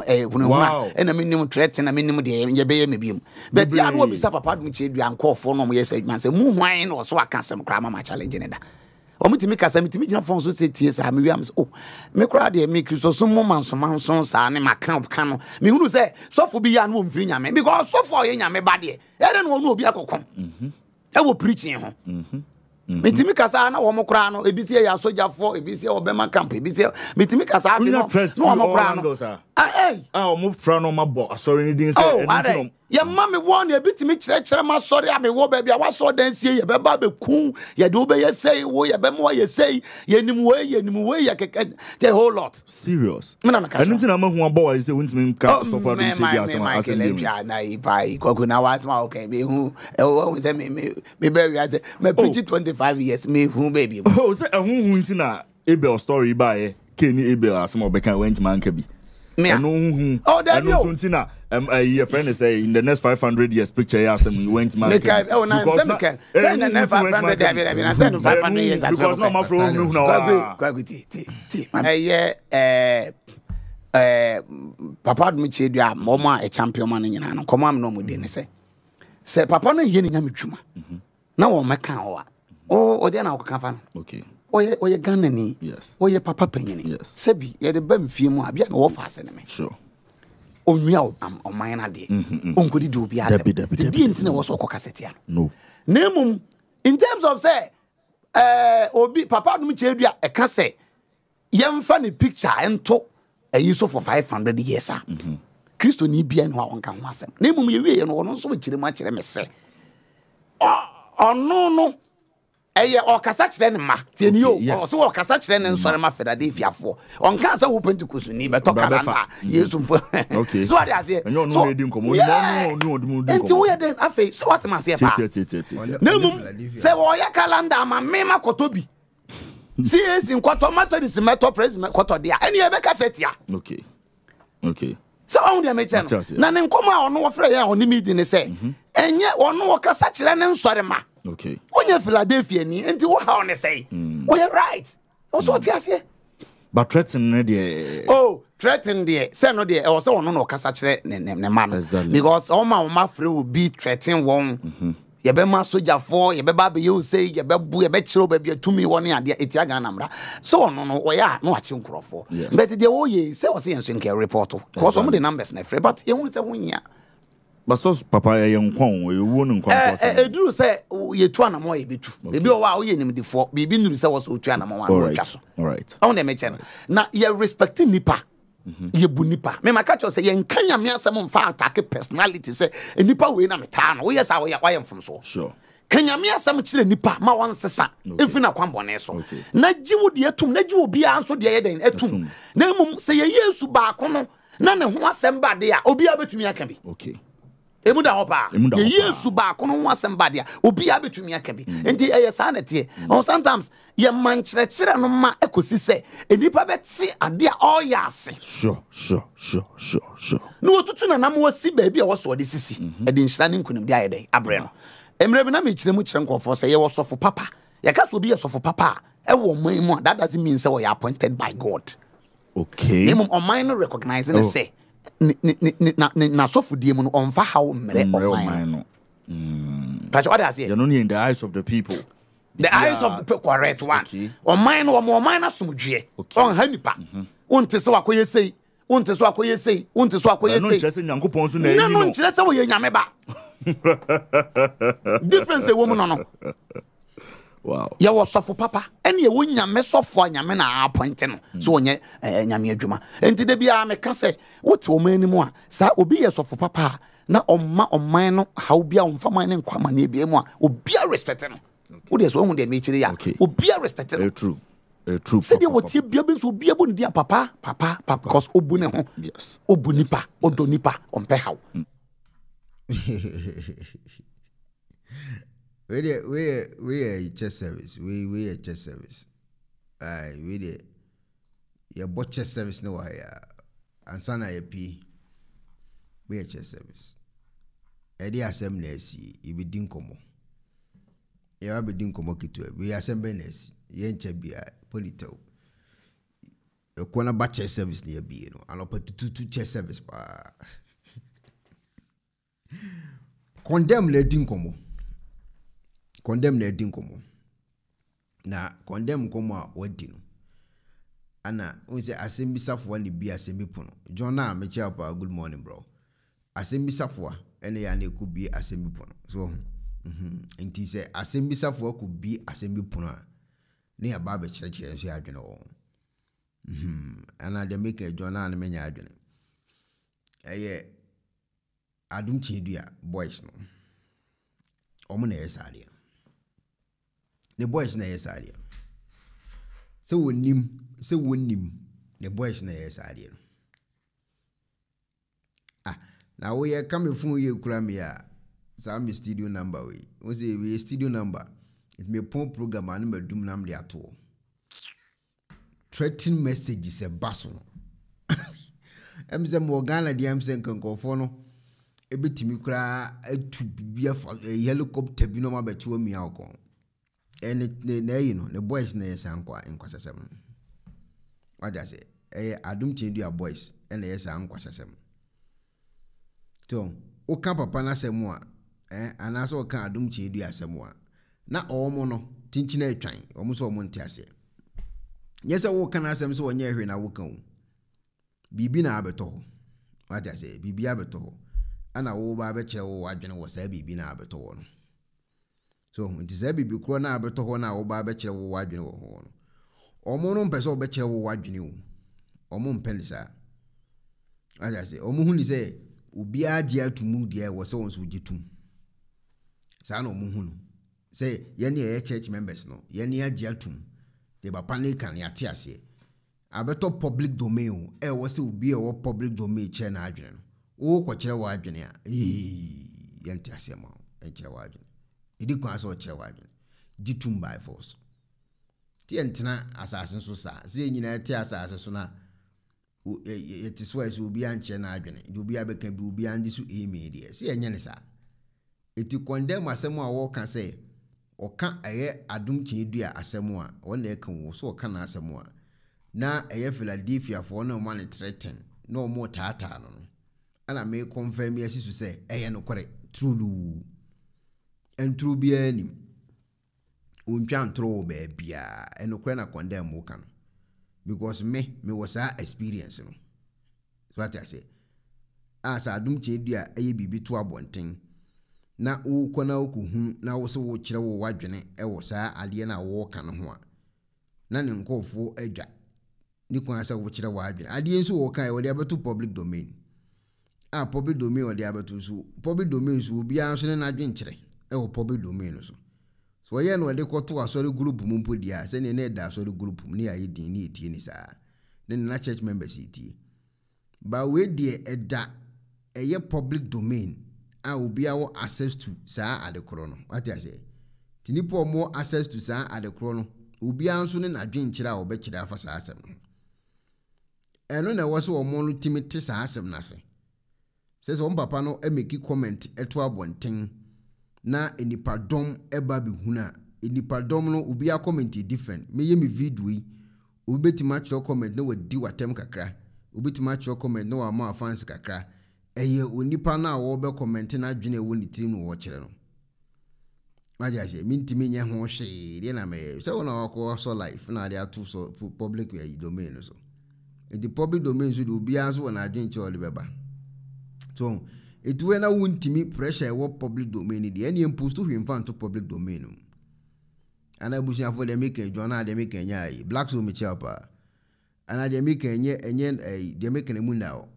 akoma eh, ɛna mi nim trɛte na mi nim deɛ yɛ bɛyɛ mi bi bɛti anu obi sa papa dum kyerɛ dua nkɔɔfoɔ na ɔmo yɛ sɛ adwuma sɛ mu hwan na ɔso aka sɛm koraa mama challenge ne da ɔmo tumi kasa mi tumi gyina fɔn so sɛ tie saa mi wi am sɛ o oh, mi koraa deɛ mi kiri so so ma nso ma saa ne ma kan kan no mi hunu sɛ sɔfo bi yɛ anu omfiri nyame because sɔfo a ɔyɛ nyame ba deɛ ɛdɛ e na ɔno obi akɔkɔm mhm. ɛwɔ e preaching ho. Mhm mitimi mhm. kasa na wɔn koraa no ebi si yɛ asogyafoɔ ebi si yɛ ɔbɛma camp ebi si yɛ mitimi kasa afi no na wɔn koraa no. a wɔn fura no ma bɔ asɔre ni din sɛ oh, ɛni ti nom yɛma me wɔ ne ebi tumi kyerɛkyerɛ ma sɔre a me wɔ baabi a wasɔ dan sie yɛbɛba abɛku yɛde wo bɛyɛ sei wo yɛbɛma wɔyɛ sei yɛnim wei yɛnim wei yɛ kɛkɛ the whole lot. serious ɛnu ti na ma hun abɔ wa yi sɛ wuntumi nka oh, sɔfo adi nkyɛn bi asɛm asɛm bi mu. mɛma na yi pa yi kɔkɔ na wasɛm a ɔkɛ mi hu ɛwɔ wɔn sɛ mi mi mi bɛ wi asɛ mɛ oh. pirikyi twenty five years mi hu baabi mu. o oh, sɛ ɛhun hun ti na abel story ba yɛ kéènì abel asɛm ɔbɛka wɛntuma nka bi ɛno huhu ɛno nso nti na yɛfrɛ ne sɛ in the next five hundred years picture yɛ asɛm went markbecause oh, na ɔmafrɛ ɔhunuhuna ɛyɛ papa dom kyerɛ dua a ɔma a ɛchampion ma no nyinaa no kɔma mena ɔmuden ne sɛ sɛ papa no yɛ ne nyame dwuma mhm. na wɔmɛka wɔ a ɔdeɛ na wɔkɔka fa no ɔyɛ ɔyɛ ghana ni yes. ɔyɛ papa panyini yes. sɛbi yɛde ba mfie mu a bia na wɔfa ase ne me sure. ɔnwia ɔman no adeɛ ɔnkɔdi de mm-hmm, mm-hmm. obi atɛmdeɛ nti na ɛwɔ sɛ ɔkɔ kasetia no na mmom in terms of sɛ uh, obi papa adom kyerɛ du a ɛka sɛ yɛmfa ne picture ɛnto ayi so for 500 years a mm-hmm. kristo ne bia ne hɔ a ɔnka ho asɛm na mmom yɛwieɛ no ɔno nso wɔkyerɛ mu akyerɛ me sɛ ɔno no ɛyɛ ɔkasa kyerɛ ne ma tiɛni yi o ɔsɛ ɔkasa kyerɛ ne mm. nsɔrima filadelfiafoɔ ɔnka sɛ wo pentikosoni bɛtɔ karanda mm. yesu fo so wade aseɛ so nti woyɛ den afei so wate ma aseɛ paa na mu sɛ wɔyɛ kalanda ama mema kɔtɔ bi cac hmm. nkɔtɔ methodist mɛtɔ president kɔtɔ deɛ ɛne yɛbɛka sɛ tia sɛ ɔhu deɛ mekyɛ no na ne nkɔmmɔ a ɔno wɔfrɛ yɛ a ɔne medi ne sɛ mhm. ɛnyɛ ɔno wɔkasa kyerɛ ne nsɔrima okay wọnyẹ philadelphia ni nti wọ ha ọni sẹyìn hmm. wọnyẹ right ọsọ ọtí hmm. aseɛ. But threatening ne deɛ. oh threatening deɛ sɛ no deɛ ɛwɔ sɛ ɔno na ɔkasa kyerɛ ne ne ne ma no because ɔma ɔma fere wo bi threatening wɔn mhm. yɛbɛma sogyafoɔ yɛbɛba abɛyɛ osei yɛbɛbu yɛbɛkyerɛ baabi atumi wɔ ne adeɛ ɛtia ghana mmra sɛ ɔno no ɔyɛ a no wakye nkurɔfoɔ but deɛ wɔyɛ sɛ ɔsɛ yɛn so nkɛ report because ɔmo de numbers na ɛfrɛ but yɛhu sɛ ho nyia Baso papa yɛ nkɔn ewu ne nkɔn sɔ sɛ. ɛ eduru sɛ yɛ tu anamɔ yɛ bi tu ebi wɔ hɔ a oyɛ nimdifoɔ biribi nuru sɛ wɔsɔ otu anamɔ wa n'otwa so ɔn dɛm ɛkyɛ no na yɛ respect nipa mm-hmm. yɛ bu nipa mɛ maa kakyɛw sɛ yɛn nka nyame asɛm nfa atake personality sɛ eh, nipa wei na mi taa no oyɛ sa wɔyɛ wɔyɛ nfunsoɔ kanyame asɛm kyerɛ nipa ma wɔnsesa ɛmfi no akwanbɔne so na gye wo deɛ atum na gye wo biara nso deɛ yɛdɛn atum na mmom sɛ yɛyɛ su baako no na ne ho asɛm ba de a obiara bɛtumi aka bi okay ɛmu da hɔ paa yɛyie su baako no ho asɛm badeɛ obiaa bɛtumi aka bi mm. nti ɛyɛ saa na teɛ sometimes yɛma nkyerɛkyerɛ no ma ɛkɔsi sɛ nnipa bɛte ade a ɔyɛ ase na wɔtutu nanam wasi baabi a wɔsɔ ɔde sisi mhm. ɛde nhyira ne nkonimdi ayɛ dɛ abrɛ no mmerɛ bi na mekyerɛ mu kyerɛ nkurɔfoɔ sɛ yɛwɔ sɔfo papa yɛka sɛ obi yɛ sɔfo papa a ɛwɔ ɔman mu a that doesn't mean sɛ wɔyɛ appointed by god okay mmom ɔman no recognize ne oh. sɛ oh n'asɔfodeɛ mu no ɔmfa haw mmerɛ ɔman no patɛ ɔde aseɛ the eyes of the people the yeah. eyes of the correct one ɔman no ɔma ɔman no asomdweɛ ɔnha nipa mm-hmm. wonte sɛ wakɔyɛ sei wonte so akɔyɛ sei wonte so akɔyɛ sei na no nkyerɛ sɛ woyɛ nyame ba difference ɛwɔ mu no no yɛwɔ sɔfo papa ɛne yɛwɔ nyame sɔfo a nyame na apɔnte no hmm. sɛ wɔnyɛ eh, eh, nyame adwuma enti da biara meka sɛ wote ɔma anim a saa obi yɛ sɔfo papa a na ɔma ɔman no haw bia ɔmfa man ne nkɔ amanneɛ bia mu a obia respect no wodeɛ sɛ wohu deɛ mekyerɛ yɛ a obia respect no eh, sɛdeɛ wɔtie bia bi nso obia bɔ ne di a papa papa papa because ɔbu ne ho ɔbu nipa ɔdɔ nipa ɔmpɛ haw hmm. we there we there we there church service we we there church service aye we there yɛbɔ church service ne wɔ ayɛ ansa na yɛpie we yɛ church service ɛde asɛm na asi yɛbɛdi nkɔmmɔ yɛba bɛdi nkɔmmɔ ketewa bi yɛ asɛm bɛn na asi yɛnkyɛ bia politew ɛkɔ e na ba church service ne yɛbie no anɔpa tututu church service paa condemn na adi nkɔmmɔ condemn na adi nkɔmmɔ na condemn nkɔmmɔ a wadi no ana n sɛ asɛm bi ne bi asɛm pono john a mekyia pa good morning bro asɛm bi safoa ɛne yɛ ana ɛkɔ bi pono so mhm. nti sɛ asɛm bi safoa kɔ bie asɛm bi pono a ne yɛba abɛkyerɛkyerɛ nso yɛ adwene wɔ mhm. ana deɛ meka john a no menya adwene ɛyɛ adom kyɛn dua boys no ɔmo na ɛyɛ saa adeɛ the boys na yɛ saa adeɛ sɛ wɔnim sɛ wɔnim the boys na yɛ saa no ah na woyɛ kamefon yɛ kura mi a saa mi studio number wei wɔn sɛ yɛ studio number ɛtumi pɔn program a ne ma dum nam de atoɔ threatening messages ɛba so no ɛmu sɛ mo wɔ ghana deɛ ɛmu sɛ nkankɔfoɔ no ebitumi koraa etu bibi eh, helicopter bi na ɔmo abɛkye wɔn mmea Eh, you no the boys na yɛsa nkwa nkwasasɛm wagya sɛ ɛyɛ adom kyɛn dua boys ɛna yɛsa nkwasasɛm to woka papa no asɛm a eh, anaasɛ woka adom kyɛn dua asɛm a na ɔwɔ mu no kyinkyin atwan wɔn nso wɔn nte aseɛ nyɛ sɛ woka n'asɛm asɛm sɛ wɔnyɛ hwee na woka wo biribi na abɛtɔ hɔ wagya sɛ biribi abɛtɔ hɔ ɛna wo abɛkyerɛ wo w'adwene wɔ saa biribi na abɛtɔ hɔ no so nti saa bibi korɔ no a bɛtɔ hɔ no a woba bɛkyerɛ wo w'adwene wɔ hɔ no ɔmo no mpɛ sɛ wɔbɛkyerɛ wo w'adwene wo ɔmo mpɛ ne saa ase ɔmo hu ne sɛ obiaa gye ato mu deɛ wɔ sɛ wɔn nso gye tum saa na ɔmo hu no sɛ yɛn ne yɛyɛ church members no yɛn ne agye ato mu deɛ papa ne ka ne ate aseɛ abɛtɔ public domain o ɛwɔ sɛ obi a ɛwɔ public domain kyerɛ n'adwene no wɔkɔ wɔ adwene a yɛn aseɛ ma ɛnkyerɛ wɔ adwene ɛdi kwan sɛ ɔkyerɛ wɔ adwene gye tum by force ti yɛntena asase so saa sɛ yɛnyinaa te asase so na yɛte so a sɛ obiaa nkyerɛ no adwene nti obiaa bɛka bi obiaa nde so ɛmi deɛ sɛ yɛnyɛ ne saa ɛti kɔndɛm asɛm a wɔka sɛ ɔka ɛyɛ adom kyee dua asɛm a ɔna ɛka wo so ɔka n'asɛm a na ɛyɛ philadelphiafoɔ na ɔma ne treten na ɔmo taataa no no ɛna mekɔmfa mi asi so sɛ ɛyɛ nokorɛ troluu nturo biara anim ontwa ntoro wɔ baabiaa ɛnokorɛ na kɔndɛm wo ka no because me mewɔ saa experience no so ate ase a sɛ adom kyɛn du a ɛyɛ biribi to abɔnten na wokɔ na wokɔhunu na wo sɛ wokyerɛ wo w'adwene ɛwɔ saa adeɛ no a wɔɔka no ho a na ne nkɔɔfoɔ adwa ne kwan sɛ wokyerɛ w'adwene adeɛ nso wɔka ɛ wɔde abɛto public domain a public domain wɔde abɛto so public domain so obiara nso ne n'adwenkyerɛ wɔ public domain so so wɔyɛ no wɔde kɔto asɔre group mu mpo deɛ a sɛnea na ɛda asɔre group mu ne yɛayɛ din ne yɛtie ne saa ne nana church members yɛtie ba wei deɛ ɛda ɛyɛ public domain a obiara wɔ access to saa adekorɔ no wate aseɛ te nipa a wɔwɔ access to saa adekorɔ no obiara nso ne n'adwenkyerɛ a wɔbɛkyerɛ afa saa asɛm no ɛno na ɛwɔ sɛ wɔn no tumi te saa asɛm no ase sɛ sɛ wɔn papa no meki comment to abɔnten na nipadɔm ba bɛhunu a nipadɔm no obiara comment different meyɛ me video yi obi bɛtumi akyerɛ comment na wadi kakra obi bɛtumi akyerɛ comment na wama afans kakra ɛyɛ onipa no a wɔrebɛ adwene ɛwɔ ne tirim no no ahyɛ nyɛ ho hwee deɛ na mɛyɛ sɛ wo na wakɔ sɔ life na ato so public eh, domain no so nti public domain so nso wɔ n'adwene kyerɛ ɔde bɛba so etuwe na wontumi pressure ɛwɔ public domain deɛ ɛne mposto hwee mfa nto public domain mu ana abusuafoɔ deɛ meka adwa na deɛ meka nyɛ ayi black soul mekyɛ wo paa ana deɛ meka nyɛ ɛnyɛ ɛyi deɛ meka na mu na wo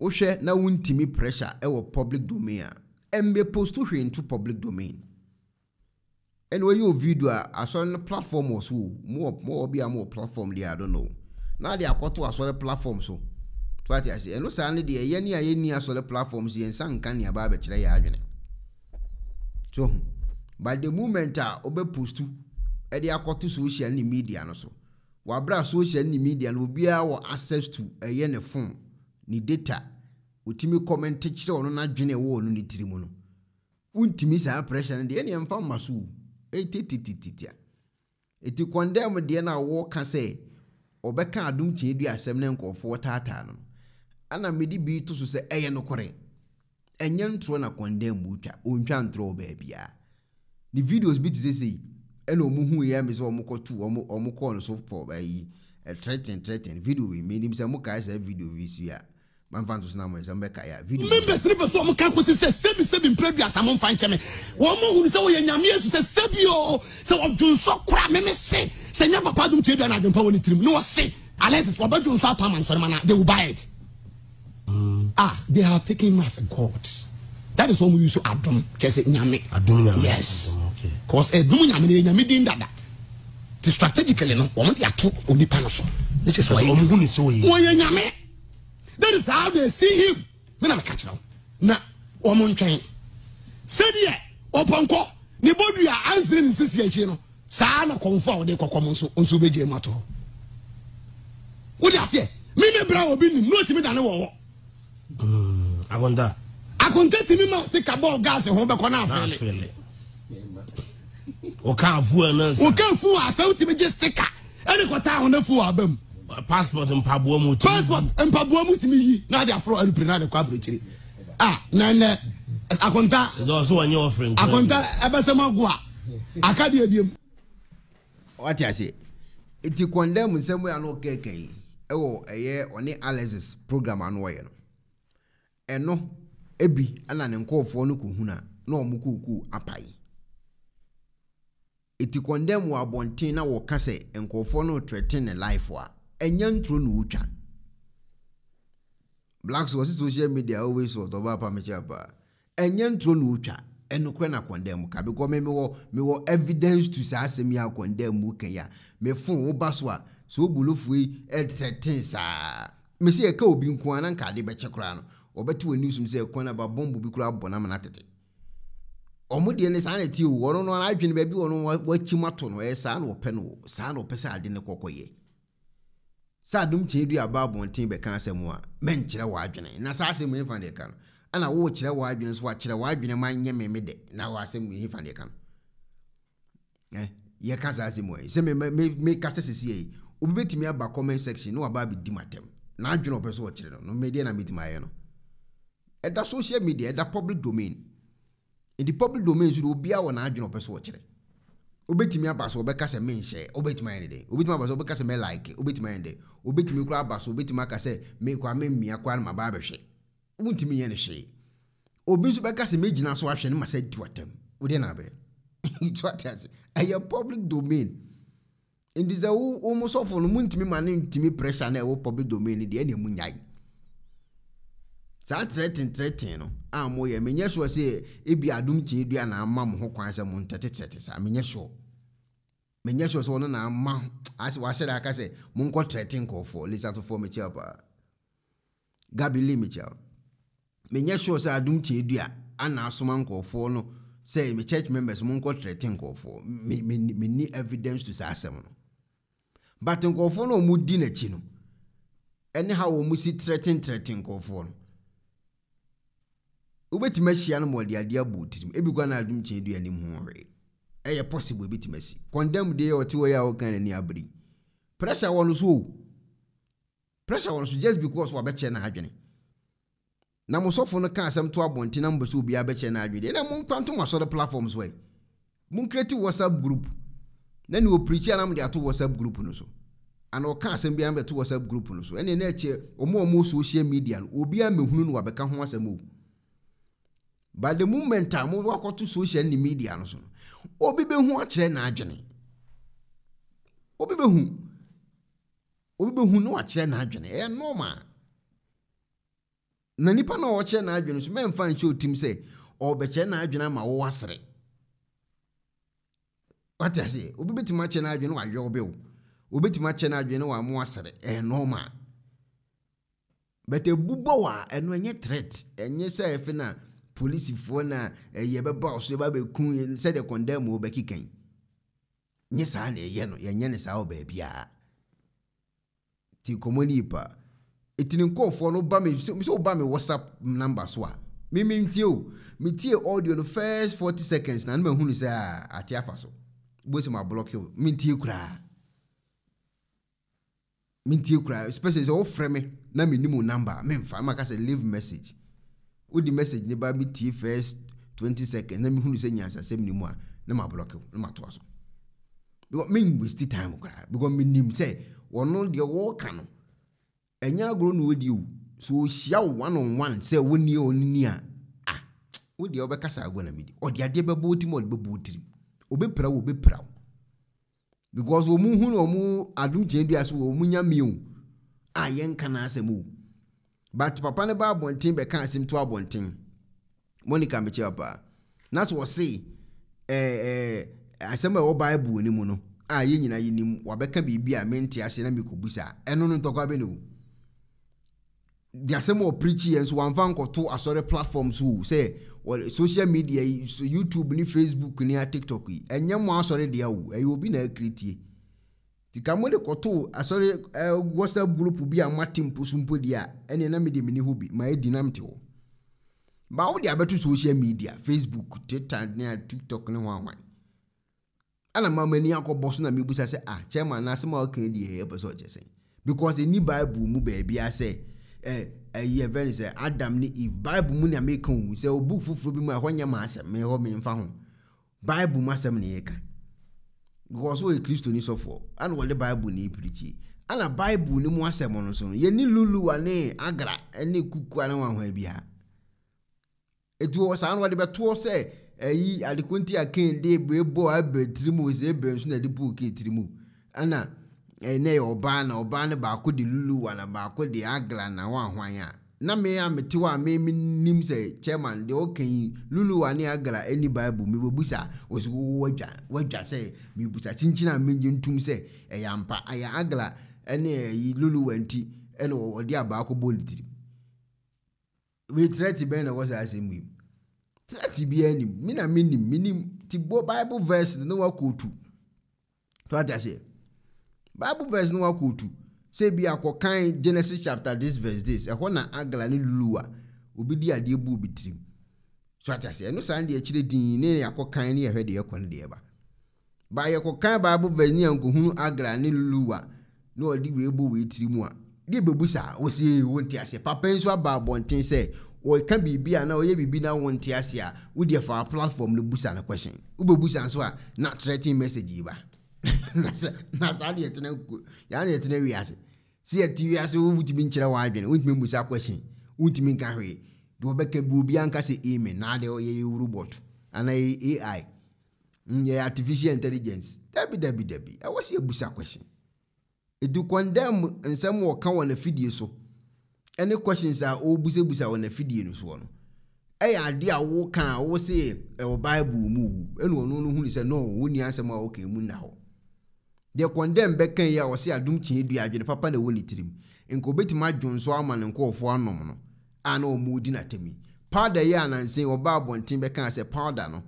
wohwɛ na wontumi pressure ɛwɔ public domain a ɛmbɛ posto hwee nto public domain ɛna wɔyɛ o video a asɔre no platform wɔ so o mo wɔ bi a mo wɔ platform deɛ i don't know na de akɔto asɔre platform so fati ase ɛno saa ne deɛ ɛyɛ ne a yɛnni asɔre platforms yɛnsa nka nea ba abɛkyerɛ yɛ adwene so by the moment a wobɛpostu ɛde akɔto social ne media no so wabrɛ a social ne media no obiara wɔ access to ɛyɛ ne phone ne data otumi comment kyerɛ ɔno n'adwene ɛwɔ ɔno ne tiri mu no wontumi saa pressure no deɛ ɛneɛ mfa mma so wo ɛtetitititia ɛti condemn deɛ no a wɔka sɛ ɔbɛka adom kyee du asɛm ne nkɔɔfoɔ taataa no no ana mede bi to so sɛ ɛyɛ nokorɛ ɛnyɛ ntorɔ na kɔndɛn mu twa ɔntwa ntorɔ wɔ baabiaa ne videos bi te sɛ sei ɛna ɔmo hu yɛ mi sɛ ɔmo kɔ tu ɔmo ɔmo kɔɔ no so fɔ ɛyi ɛtrɛtɛn trɛtɛn video yi mi nim sɛ mo kaa sɛ video yi si a manfa nso sinamɔ sɛ mbɛ kaya video. members ni bɛsɛ ɔmo kan kosi sɛ sebi sebi mpere bi asamu nfa nkyɛn mi wɔn mo hun sɛ wɔyɛ nyame esu sɛ sebi o sɛ ɔdunso kura mimi se sɛ nyɛ papa dum tie do ɛna adumpa wɔ ne tirim ne wɔ se alexis wɔbɛ dunso ato they will buy it ah they have taken him as a god that is why we use adum kyerɛ sɛ nyame adum nyame yes cause ɛdum eh, nyame de eh, nyame din dada ti strategically no wɔn de ato onipa no so ne kyerɛ sɛ wɔn hu ne sɛ wɔyɛ wɔyɛ nyame that is how they see him me na meka kyerɛ wo na wɔn ntwɛn sɛdeɛ ɔpɔnkɔ ne bodua ansere ne sisi akyi no saa na kɔnfo a wɔde kɔkɔm nso nso bɛgye mu ato hɔ wodi aseɛ mi ne bra obi nim n'otimi dane wɔ Mm, akonta akonta tìmí ma ka bọ́ọ̀ gaasi ho bẹ́kọ̀ náà fẹ́lẹ̀ o kan fu ẹ náà sá o kan fu asaw tìmí jẹ sika ẹni kò tá àwọn ẹfu abẹ mu. passport mpaboa mu tìmí passport mpaboa tìmí yi náà ẹni a nẹnẹ akonta ọsọ wọn yẹ ọfẹ nkura akonta ẹbẹsẹ gu a akadi eti program ɛno bi na ne nkurɔfoɔ no kuhuna na wɔn kuku apae ɛti kɔndɛm wɔ abɔnten na wɔka sɛ nkurɔfoɔ no retrɛten ne life a ɛnyɛ ntoro na wɔtwa blacks wɔsi social media always wɔ dɔbɔ apamekyɛ apaa ɛnyɛ ntoro na wɔtwa ɛnukurɛ na kɔndɛm ka bi kɔmi mewɔ mewɔ evidence to saa asɛm yi a kɔndɛm mu kɛn ya fon wo ba so a so bolo fue ɛtɛtɛn saa mɛ si yɛ ka obi nko ara na nkaade bɛkyɛ koraa no. wɔbɛte wɔ news mu sɛ kwan na ba bɔmbu bi koraa bɔ nam n'atete wɔn deɛ ne saa na ti o wɔn no adwene baabi wɔn wɔakyi mu ato no ɛyɛ saa na wɔpɛ no saa na wɔpɛ sɛ ade ne kɔkɔ yɛ saa dum kyɛn du aba abɔnten bɛka asɛm a mɛnkyerɛ wɔ adwene na saa asɛm yɛn fa deɛ ka no ɛna wɔwɔ kyerɛ wɔ adwene so akyerɛ wɔ ma nyɛ mɛmɛ dɛ na wɔ asɛm yɛn fa deɛ ka no ɛ yɛka saa asɛm wɔ sɛ mɛ kasa sisi yɛ yi obi bɛtumi aba comment section na waba abɛdi mu atɛm na adwene ɔpɛ so wɔkyerɛ no no mɛ na mɛtumi ayɛ ɛda social media ɛda public domain nti public domain so de obiara wɔ n'adwene ɔpɛ so ɔkyerɛ obetumi aba so ɔbɛka sɛ menhyɛ obetumi ayɛ ne dɛ obetumi aba so ɔbɛka sɛ mɛlaike obetumi ayɛ ne dɛ obetumi kora aba so obetumi aka sɛ mekora memmia kora no maba abɛhwɛ wontumi yɛ ne hwee obi nso bɛka sɛ megyina so ahwɛ no ma sɛ di watam wode na abɛɛ so ate ase ɛyɛ public domain nti sɛ wo mu sɔfo no montumi ma no ntumi pressure na ɛwɔ public domain no deɛ ɛneɛ mu nyae saa trɛtentrɛten no a moyɛ menyɛ soɔ sɛ ebi adom kyee dua na ama mo ho kwan sɛ mo saa menyɛ soɔ menyɛ soɔ sɛ ɔno na ama aka sɛ monkɔ trɛte nkɔɔfoɔ lesantofoɔ mekyia paa gabi lee mekyia menyɛ soɔ sɛ adom kyee dua ana asoma nkɔɔfoɔ no sɛ me church members monkɔ evidence to saa asɛm no no a di n'akyi no ɛne ha si wobɛtumi ahyia no ma ɔde adeɛ abɔ tirim ebi kwan na adum kyɛn du anim ho hwee ɛyɛ possible ebi tumi asi condemn deɛ ɔte hɔ yi a ɔka n'ani abiri pressure wɔ no so o pressure wɔ no so just because wabɛkyɛ n'adwene na mo sɔfo no ka asɛm to abɔnten na mo bɛ sɛ obi abɛkyɛ n'adwene deɛ na mo nkwa nto mo platform so yi mo nkreti whatsapp group na ne opirikyi anam de ato whatsapp group no so ana ɔka asɛm bi anam de ato whatsapp group no so ɛnna ɛnna ɛkyɛ ɔmo a ɔmo social media no obiara mehunu no wabɛka ho asɛm o. by the moment a mowakɔto social ne media no so no obi bɛhu akyerɛ n'adwene obi bɛhu obi bɛhu na wakyerɛ n'adwene ɛyɛ normal na nipa na ɔkyerɛ n'adwene so mɛmfa nhyɛ otim sɛ ɔbɛkyerɛ n'adwene ama wɔwɔ sere wate aseɛ obi bɛtumi akyerɛ n'adwene wayɛ ɔbɛ wo obi bɛtumi akyerɛ n'adwene wamo asere ɛyɛ normal bɛtɛ bubɔ wa ɛno ɛnyɛ threat ɛnyɛ sɛ ɛfe na. polisifoɔ na ɛyɛ eh, bɛba ɔso ba bɛku sɛdeɛ kɔndɛm wɔ bɛkekan nyɛ saa na ɛyɛ no yɛnyɛ no saa wɔ baabiaa nti nkɔmmɔ no yipa ɛti ne nkɔɔfoɔ no ba me sɛ woba me whatsapp number so a mimi ntie o metie audio no first forty seconds na no mahunu sɛ a ah, ate afa so bosi ma block o mentie koraa mentie koraa especially sɛ wofrɛ me na menim wo number memfa maka sɛ leave message wodi message ne ba mi tie first twenty seconds na mi hunu sɛ nyansasɛm ne mu a na ma block na ma to so because mi waste time koraa because mi nim sɛ wɔn deɛ wɔɔka no ɛnyɛ agorɔ na wodi o so ohyia wo one on one sɛ wonni ɔnini a ah wodi a wɔbɛkasa agorɔ na mi di ɔde adeɛ bɛbɔ o tirim ɔde bɛbɔ o tirim obɛpira wo obɛpira wo because wɔn mu hunu wɔn adum kyɛn dua so wɔn nya mi a yɛn na asɛm o but papa no ba abɔnten bɛka asɛm to abɔnten monica mekyɛ paa na so wɔse eh, eh, asɛm a ɛwɔ bible no mu no a yɛn nyinaa yɛnim wabɛka biribi a mente ase na mekɔbu saa ɛno no ntɔkwa bɛ ne o de asɛm wɔ preachi yɛ nso wamfa nkɔto asɔre platform so o sɛ social media yi so youtube ne facebook ne tiktok yi ɛnyɛ mo asɔre deɛ o ɛyɛ obi na akiritie tika mo de kɔtoo asɔre ɛɛ uh, whatsapp group bi a mo ate mpo so mpo deɛ ɛnna ɛnam de mi ni ho ma edi nam te hɔ baawo de abɛto social media facebook twitter ne a tiktok ne ho ahwan ɛna maa mo ani akɔ bɔ so na mi busa sɛ ah chairman na asɛm a ɔkan di yɛ ɛpɛ sɛ ɔkyɛ sɛ because ɛni bible mu baabi asɛ ɛɛ ɛyi ɛfɛ ne sɛ adam ne if bible mu na mi kan o sɛ o book foforɔ bi mu a ɛhɔ nyɛ maa asɛm ɛhɔ mi nfa ho bible mu asɛm na yɛ kan. because wey kristo ni sọfọ ana wọle bible ni ipirichi ana bible ni mu asẹmọ no so no lulu wa ne agra ne kuku ana wọn ahọ bi ha etu wọ saa na wọde bɛtoɔ sɛ ɛyi adekunti a ken de ebe bɔ tiri mu ose ebe nso na de bu oke tiri mu ɛna ɛnɛ yɛ ɔbaa na ɔbaa ne baako de lulu wa na baako de agra na wɔn ahọ a. na me a mete hɔ a me menim sɛ chairman deɛ ɔka yi lulu wane agara ani bible mebɛbusa wɔ so wowadwa wadwa sɛ mebusa kyinkyin a megye ntom sɛ ɛyɛ ampa ɛyɛ agara ɛne ɛyi lulu wa nti ɛna ɔde abaako bɔ ne tiri wetrɛte bɛn na ɛwɔ saa asɛm yi trɛte bi anim me na menim menim ti bo bible verse no wakɔtu to ate aseɛ bible verse no wakɔtu sɛbi akɔkan genesis chapter this verse this ɛhɔ na agla ne lulu a obi di adeɛ bu obi tirim so ati ase ɛno saa deɛ akyire din ne akɔkan ne yɛhwɛ deɛ ɛkɔ ne deɛ ba ba yɛkɔkan bible verse ne yankohunu agla ne lulu a na ɔde wee bu wei tirim a deɛ bɛbu saa wɔsi wɔnti ase papa nso aba abɔnten sɛ wɔka biribi a na ɔyɛ biribi na wɔnte ase a wodi afa platform no busa no question wobɛbusa nso a na threatening message yi ba na saa deɛ ɛtena ya na ɛtena wiase sɛ yɛte wiase wontumi nkyerɛ w'adwene wontumi mmusa question wontumi nka hwee deɛ wɔbɛka bi obiaa nka sɛ amen na adeɛ yɛyɛ robot anaa yɛyɛ ai mm, yɛyɛ artificial intelligence dabi dabi dabi ɛwɔ sɛ yɛbusa question ɛdu condemn nsɛm wɔka wɔ n'afidie so ɛne questions a wɔbusabusa wɔ n'afidie no soɔ no ɛyɛ ade a a wo se ɛwɔ bible mu ɔno no sɛ no wonni asɛm deɛ kɔndɛm bɛka yi a ɔsɛ adom kyee dua adwene papa na ɛwɔ ne tirim nka obɛtumi adwo nso ama ne nkɔɔfoɔ anom no a na ɔmo di n'atam powder yi a nansa abɔnten bɛka sɛ powder no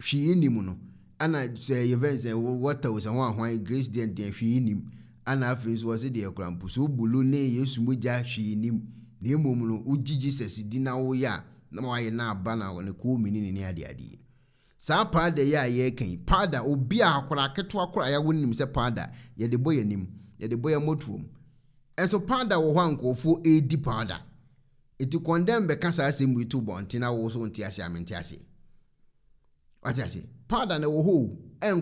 hwee nim no ana sɛ yɛvɛn sɛ wɔta wo ho grace deɛ nteɛ hwee nim ana afei nso wɔsɛ deɛ so ne yesu mogya hwee nim na mmom no na woyɛ a na wayɛ no aba na kɔɔ saa paada yi a yɛrekan paada obi a akwaraa ketewa koraa yɛawo nim sɛ paada yɛde bɔ yɛn nim yɛde bɔ yɛn mɔtuom ɛso paada wɔ hɔ a nkurɔfoɔ redi paada eti kɔndɛm bɛka saa asɛm yi to bɔnten na wɔn so nte ase ame nte ase wate ase paada na wɔ hɔ o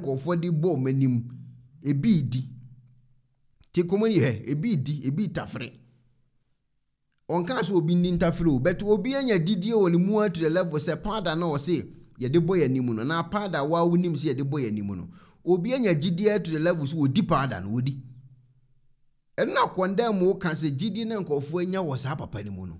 ɛyɛ de bɔ wɔn anim ebi di te kɔmɔ ni hɛ ebi di ebi tafere wɔn kaa so obi ni ntafere o bɛtɛ obi anya didie wɔ ne mu atu the level sɛ paada na ɔse yɛde bɔ yɛn anim no na paada a wawo nim sɛ yɛde bɔ yɛn anim no obi anya gyidie to the level so wɔdi paada no wɔdi ɛno na kɔndan mu ka sɛ gyidie ne nkɔfoɔ anya wɔ saa papa no mu no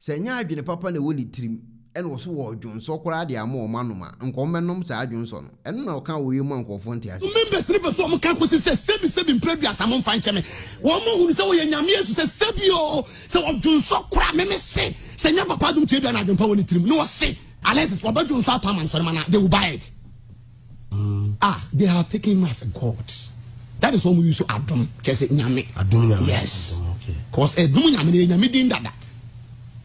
sɛ ɛnyɛ adwene papa na ɛwɔ ne tirim ɛna wɔso wɔ dwonsɔ koraa de ama ɔma nom a nkɔmmɛnom saa dwonsɔ no ɛno na ɔka wɔyɛ mu a nkɔfoɔ nte ase members ne bɛfɛ ɔmo ka kosi sɛ sɛbi sɛbi mpira duasa mo mfa nkyɛ me wɔn mo hunu sɛ wɔyɛ nyame yesu sɛ sɛbi o sɛ ɔdwonsɔ koraa meme se sɛ nyɛ papa dum tie dua na adwompa wɔ ne tirim ne wɔse unless ọbẹ̀dùn nso ato amansọ̀rọ̀mọ̀ na they will buy it. Mm. ah they have taken him as a god that is why we use so adum kyerɛ sɛ nyame. adum nyame yes cause ɛdum nyame de nyame din dada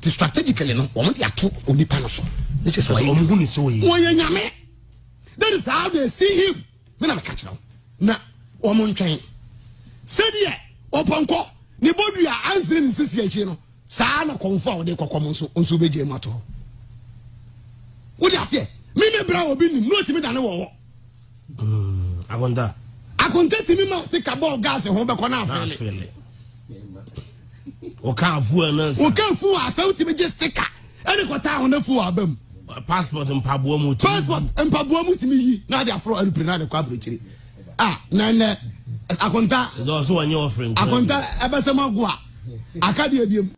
ti strategically no wɔn de ato onipa no so. ne kyerɛ sɛ wɔn hu ne sɛ wɔyɛ. wɔyɛ nyame that is how they see him mi na mi ka kyerɛ wɔn na wɔn ntwɛn sɛdeɛ ɔpɔnkɔ ne bodua ansiri ne sisi akyi e no saa na kɔnfɔ a wɔde kɔkɔm nso nso bɛ gye mu ato hɔ wodi aseɛ mi ne bra obi nim n'o timi dani mm, wɔ hɔ. akonta. akonta timi ma se ka bɔ gaasi ho bɛ kɔ n'a fɛlɛ. o kan fu wa nan san. o kan fu wa asaw timi je sika ɛni kɔ taa ahɔn fu wa abɛ mu. passport mpaboa mu timi. passport mpaboa mu timi yi n'a de afɔlɔ ɛrupiri n'a de kɔ abirikyiri a nɛnɛ akonta. dɔwɔsi wa n y'o firi nkura. akonta ɛbɛsɛmɔ gua a ka di ebi mu.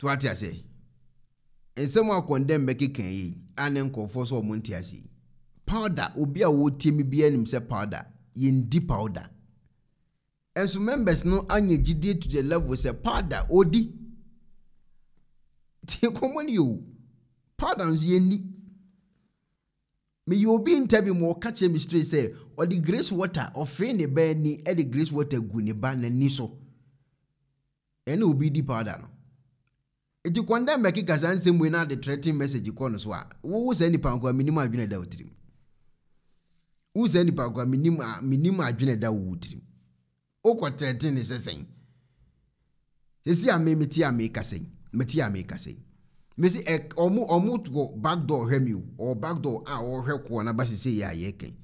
tuwa ti a se nsɛm a condemn bɛkeka yi ane nkɔfoɔ sɛ ɔmo nte ase powder obi a wɔretie mi biara nim sɛ powder yɛndi powder ɛnso members no anya gyidie to the level sɛ powder odi tie kɔmɔ ni o powder nso yɛni meyɛ obi interview ma ɔka kyerɛ me sɛ ɔde grace water ɔfee ne bɛn ni ɛde grace water gu ne ba n'ani so ɛna obi di powder no ejikɔ ndɛ mɛki kasa nsɛm wei na de threatening message kɔ no so a wowo sɛ nipa nkoa minim adwene da wo tirim wo sɛ nipa nkoa minim a minim adwene da wo tirim wokɔ threatening ne sɛsɛn sɛsi a me meti a me yi meti a me kasa yi mesi ɛ ɔmo ɔmo wɔ back door hwɛ mi o ɔ back door a ɔhwɛ kɔɔ na ba sese yɛ ayɛ kɛn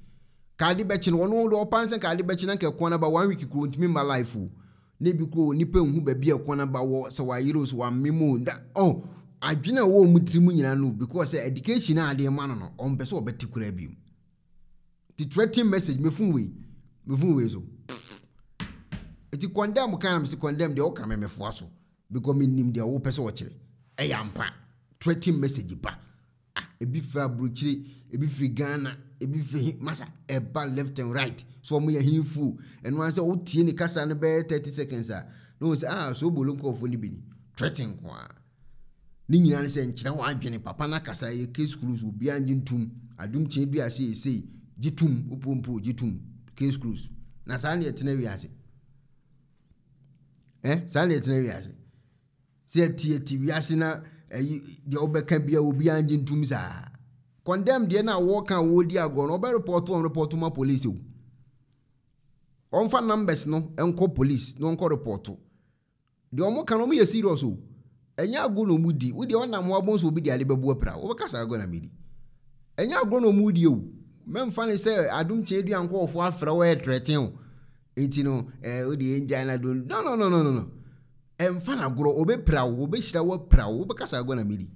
kaade bɛkyi no ɔno ɔpa ne sɛ kaade bɛkyi na nkɛ kɔɔ na ba one week kuro ntumi ma life o na ebi kuro nipa nhu baabi a kwan naba wɔ sɛ wayere so wame mu da ɔ adwene a wɔwɔ mu tiri mu nyinaa no because sɛ education a adeɛ ma no no ɔmpɛ sɛ ɔbɛte kura bi mu ti threatening message mefun wei mefun wei so eti condemn kan na mesi condemn deɛ ɔka mɛmɛfoa so because mi nim deɛ ɔwɔ pɛ sɛ ɔkyerɛ ɛyɛ ampa threatening message ba ah ebi fira burukyire ebi firi ghana ebi fi masa ɛba left and right so wɔn yɛ hin full ɛnu ase o tie ne kasa no bɛyɛ thirty seconds a ah. na wɔn sɛ ah so bolo nkɔɔfo ne bi ni threatening kwa ah. ne nyinaa ne sɛ nkyerɛ wɔn adwene papa na kasa yɛ case cruise obi anyi ntum adum kyɛn bi ase ese gye tum opompo gye tum case cruise na saa ne yɛtena wiase ɛ saa ne yɛtena wiase sɛ tie tie wiase na ɛyi deɛ ɔbɛka bia obi anyi ntum saa. condemn deɛ no a wɔka wɔdi ọ no ɔbɛ report wɔn report ma police o numbers no nkɔ police na ɔnkɔ report deɛ ka no ɔmo yɛ serious o ɛnyɛ agorɔ na ɔmo di wodeɛ ɔnam wɔn abo nso obi ade apira agorɔ na mi di ɛnyɛ agorɔ na ɔmo di o mɛmfa ne sɛ adum kyɛn dua afra wɔyɛ eti no ɛɛ na do no no no no no na agorɔ wɔ pira agorɔ na mi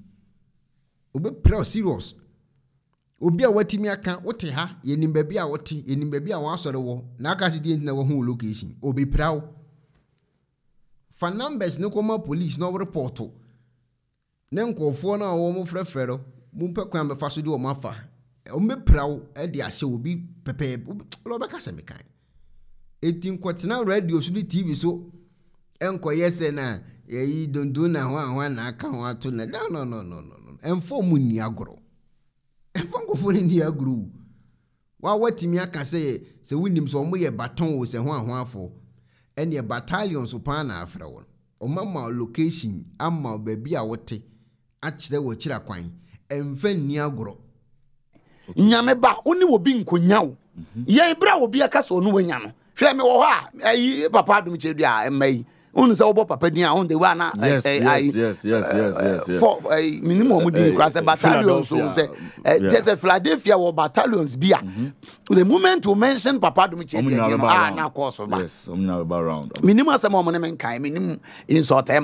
obi a watumi aka wote ha yɛnim baabi a wote yɛnim baabi a wɔasɔre wɔ na aka deɛ na wɔho location obɛpira wo fa numbers ne kɔma police na wɔrepɔɔto ne nkɔɔfoɔ no a no kwan so de afa wo de ahyɛ obi pɛpɛɛpɛ sɛ mekan eti nkɔtena radio so ne tv so nkɔyɛ sɛ yɛyi dondon na ho a ho no no no no no mu agorɔ ɛmfa nkɔfoɔ no ni agoro o wa watumi aka sɛ sɛ wonim sɛ ɔmo yɛ baton o sɛ ho aho afo ɛneɛ battalion so paa na afrɛ wɔn ɔmo ama location ama baabi a wote akyerɛ wɔ akyira kwan ɛmfa nni agorɔ nyame ba wo ne wɔbi nkonya wo mhm. yɛn berɛ a wɔbi aka sɛ ɔno wanya no hwɛ me wɔ hɔ a ayi papa adom kyerɛ du a ɛma yi wọn sɛ wobɔ papa din a wọn de wa na fɔ mini mɔ mu di nkura eh, eh, sɛ eh, battalions o sɛ kyɛ sɛ philadelphia wɔ battalions bi a mm-hmm. the moment you mention papa dum kye bi ɛdi a na kɔ so ba mini mu asɛm a wɔn ne mi nkan mini mu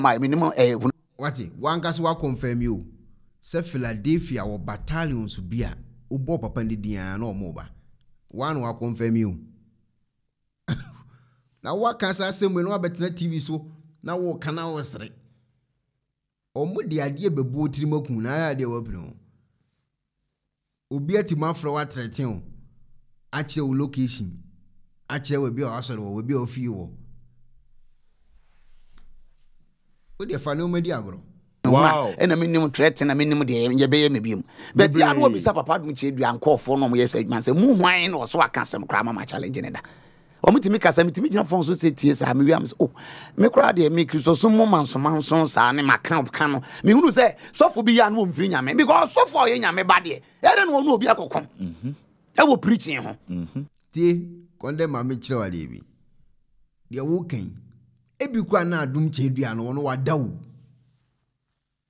ma mini mu wati wankasi wa confirm yi o sɛ philadelphia wɔ battalions bi a wobɔ papa ni din a na wɔn ba wa na wa confirm yi na woaka saa asɛm no wabɛtena tv so na woka na wosere ɔmo de adeɛ bɛbuo tirim aku na ayɛ adeɛ wapene ho obi atim afrɛ woatrɛte wo akyerɛ wo location akyerɛ wɔ bi a wasɔre wɔ wɔ bi a ofie wɔ wode fa ne womadi agorɔ ɛna menim trɛte na menim deɛ yɛbɛyɛ me biom but yɛ ano wabisa papa dom kyerɛ dua nkɔɔfoɔ no ɔmyɛ sɛ adwuma sɛ mu hwan na ɔso aka asɛm koraa ma ma challenge ne da wɔn tumi kasa mi tumi gyina fɔn so sɛ tie saa mi wi am sɛ o mi kura deɛ mi kiri so so mo ma nsoma nso saa ne ma kan kan no mi hunu sɛ sɔfo bi ya no wɔn firi nyame because sɔfo a ɔyɛ nyame ba deɛ ɛdɛ no wɔn no obi akɔkɔ mhm. ɛwɔ pirikyin ho. Mhm. tie kɔndɛ maame kyerɛ wa deɛ bi deɛ ebi kura na adum kyɛ dua no wɔn wada o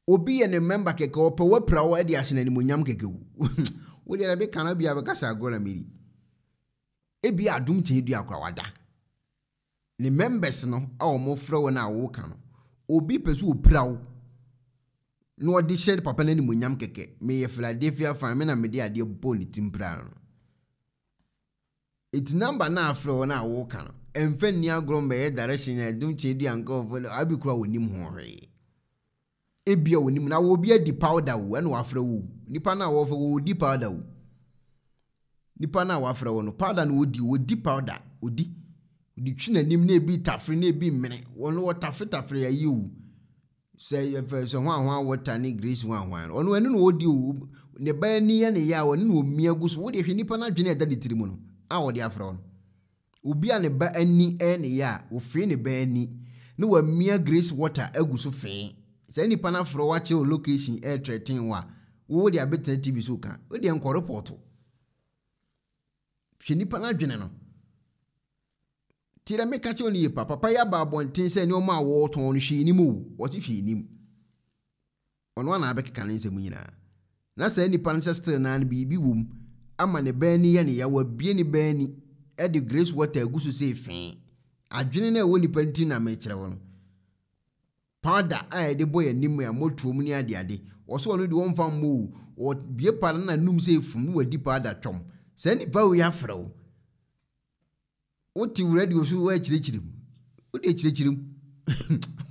obi yɛ ne member kɛkɛ ɔpɛ wɔpira wɔ ɛde ahyɛ n'animonyam kɛkɛ o wɔde ɛdɛ bi kan bi a bɛka agorɔ na mi ri. ebi adum kyɛ edu akora wada ne members no a wɔn frɛ wɔn a wɔka no obi pɛ so opira wo na ɔde hyɛ papa no animonyam kɛkɛ meyɛ philadelphia fan me na mede adeɛ bɔ ne ti mpira no eti namba no afrɛ wɔn a wɔka no mfɛ nni agorɔ mbɛyɛ direction a adum kyɛ edu ankɔfo no abi kora wɔn nim ho hwee ebia wɔn nim na wɔbi adi powder wo ɛna wɔafrɛ wo nipa no a wɔfɛ wɔdi powder wo. nipa na a wafrɛ no powder no wɔdi wɔdi powder wɔdi wɔdi twi n'anim na ebi tafere na ebi mmene wɔn wɔtafere tafere ayi o sɛ yɛfɛ sɛ hwan hwan wɔta ne grace hwan hwan no ɔno ɛno na wɔdi o ne ba ani yɛ ne yɛ a ɔno na omia gu so wɔde hwɛ nipa no adwene ɛda ne tiri mu no a wɔde afrɛ no obi a ne ba ani ɛyɛ ne yɛ a ofee ne ba ani na wɔamia grace water agu so fee sɛ nipa na afrɛ wɔakyerɛ o location ɛɛtrɛten wɔ a wɔwɔ de abɛtena tv so ka wɔde nkɔrepɔtɔ hwɛ nipa n'adwene no tira meka kyerɛ no yie pa papa yɛ aba abɔnten sɛ nneɛma a wɔretɔn no hwɛ anim o wɔte hwɛ anim ɔno ana abɛkeka ne nsɛm nyinaa na saa nipa no sɛ still naa no biribi wɔ mu ama ne bɛn ni yɛ ne yawa bie ne bɛn ni ɛde grace water agu so sɛ fɛn adwene no a ɛwɔ nipa no ti na mɛkyerɛ wɔn powder a yɛde bɔ yɛn anim a motuo mu ne adeade wɔsɔ wɔn de wɔn fa mbɔ o bie powder na num sɛ efum na wɔdi powder twɛm saa nipa wo yɛafrɛ wo wote wo radio so woakyirɛkyirɛ mu wode akyirɛkyirɛ mu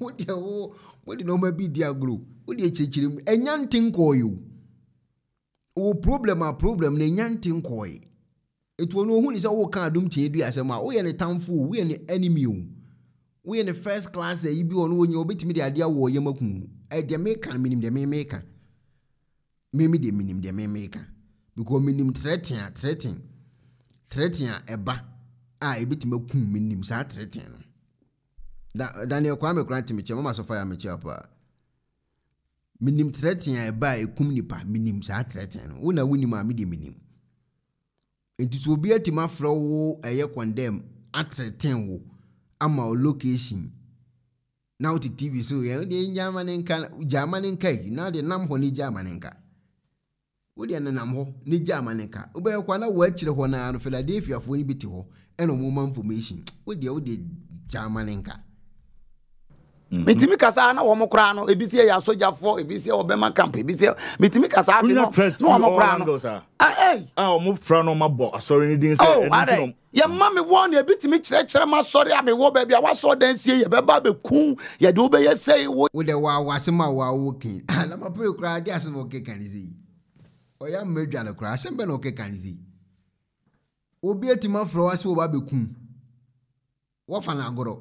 wodeɛ wo wode nɔma bi di agoro wode akyirɛkyirɛ mu ɛnya nte nkɔɔe o wo problem a problem na ɛnya nte nkɔɔe ɛtuo no ohun ne sɛ woka adom kyɛn du asɛm a woyɛ ne tamfo o woyɛ ne enemy o woyɛ ne first class ayi bi wɔ no wonyɛ wobɛtumi de adeɛ awɔ ɔyɛ makum ɛdeɛ meka no menim deɛ memeka memi deɛ menim deɛ memeka because menim threaten a threaten threaten a ba. ɛba a ebitumi akum menim saa threaten no da daniel kwame kora te mekyɛ mama sɔfa me amekyɛ Me nim threaten a ɛba a ekum nipa menim saa threaten no wona wonim a mede menim nti sɛ obi atumi fro wo ɛyɛ condemn atreten wo ama o location Now the tv so yeah, the German in gyama ne nka yi na de nam hɔ ne gyama ne wodeɛ nenam hɔ ne gye amaneka wobɛyɛ kwa na wɔakyirɛ hɔ naa no philadelphiafoɔ no bi te hɔ ɛna ɔmoma information wodeɛ wode gya amanenka mhm. metumi kasa na wɔn koraa no ebi si yɛ asogyafoɔ ebi si yɛ ɔbɛma camp ebi si yɛ metumi kasa afi no na wɔn koraa no ɛɛ ah. ah, a wɔn fura na wɔn abɔ asɔre ne din sɛ oh, kyerɛkyerɛ ma sɔre a mi wɔ baabi a wasɔ dan sie yɛ bɛ ba bɛ kun wo bɛ yɛ sɛ wo. wo de wa wa wa wo kin alamapere koraa de asem a wo kin kan ɔyɛ amedwane koraa asɛm bɛ na ɔkeka ne obi atumi afrɛ wa sɛ wɔba bɛkum wɔfa no agorɔ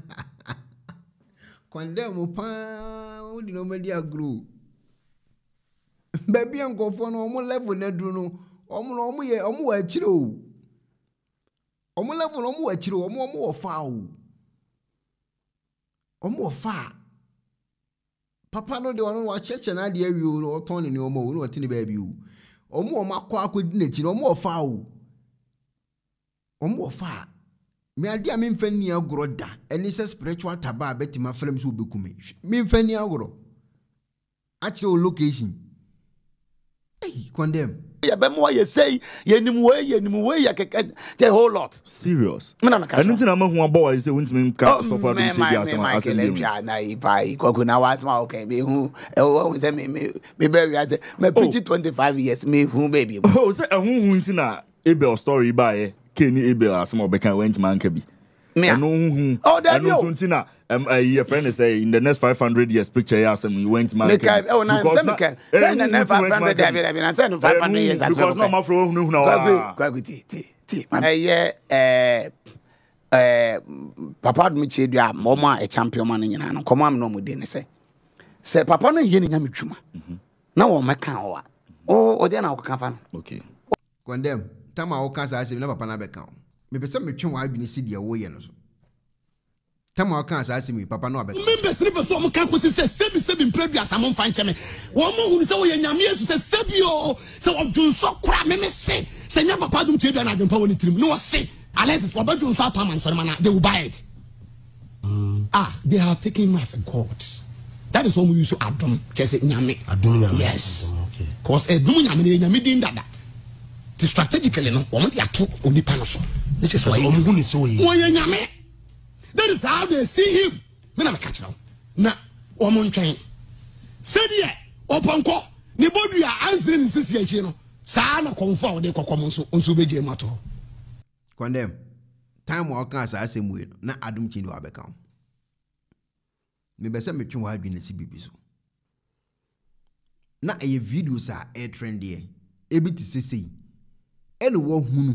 kɔndɛm paa wode na ɔmadi agorɔ baabi a nkɔfoɔ no ɔmo level no aduru no ɔmo no ɔmo yɛ ɔmo level no ɔmo wɔ akyire o ɔmo ɔmo papa no deɛ ɔno wakyɛkyɛ n'adeɛ awie o na ɔtɔn ne nneɛma o na ɔte ne baabi o ɔmo ɔmo akɔ akɔdi n'akyi na ɔmo ɔfa o ɔmo ɔfa me adeɛ a memfa nni agorɔ da ɛne sɛ spiritual taba a bɛtumi afrɛ m sɛ wobɛku me memfa nni agorɔ akyerɛ wo location ei condemn yɛbɛmo ayɛ sei yɛnim wei yɛnim wei yɛ kɛkɛ the whole lot serious ɛno nti na mahu abɔ wa sɛ wontumi nka sɔfo ade nkyɛ bi asɛmasɛmkwaku na wasɛm a woka bɛhu wahu sɛ mebɛwia sɛ mapirikyi 25 years mehu baabi oh, sɛ ɛhohu eh, nti na abel story baeɛ eh, kani abel asɛm a wɔbɛka wantumi anka ɛno huhu ɛno nso nti na yɛ fɛn ne sɛ in the next five hundred years picture yɛ asɛm yi wɛn tuma kɛ because na eh, sɛ in the next five hundred dabi dabi na sɛ in the five hundred eh, years asɛm kɛ because na ɔma fura ohun ehun na waa kwaku ti ti ti ɛyɛ ɛɛ ɛɛ papa dum kye du a mɔmɔ a ɛchampion ma no nyinaa no kɔmɔ amina ɔmo den ne sɛ sɛ papa no yɛ ne nyame twuma na wɔn mɛka wɔ a ɔɔ ɔdi yɛn na ɔkɔ kan fa no. kɔndɛm tam a ɔka saa asɛm na papa na bɛka o mepɛ sɛ metwe w'adwene si deɛ woyɛ no so tɛm a ɔka saa asɛm yi papa no abɛka members ne pɛ sɛ ɔmo ka kosi sɛ sɛbi sɛbi mpira duasa mo mfa nkyɛ me wɔn mo hunu sɛ wɔyɛ nyame yesu sɛ sɛbi o sɛ ɔdwonsɔ kora meme se sɛ nyɛ papa dum tie dua No adwompa wɔ ne tirim ne wɔse alexis wɔbɛdwonsɔ atɔ ama nsɔrema na they will buy it ah they have taken him as a god that is why mo use adum kyɛ sɛ nyame adum nyame yes because ɛdum nyame ne yɛ nyame din dada ti strategically no wɔn de ato onipa no so ne kyerɛ sɛ wɔn hu ne sɛ wɔyɛ wɔyɛ nyame that is how they see him me na meka kyerɛ wo na wɔn ntwɛn sɛdeɛ ɔpɔnkɔ ne bodua ansere ne sisi akyi no saa na kɔnfo a wɔde kɔkɔm nso nso bɛgye mu ato. kɔndɛm time a ɔka saa asɛm wei no na adom kyi ne wabɛka ho mebɛ sɛ metwe wɔ adwene si biribi so na ɛyɛ videos a ɛyɛ trendeɛ ebi te sɛ sei ɛna wahunu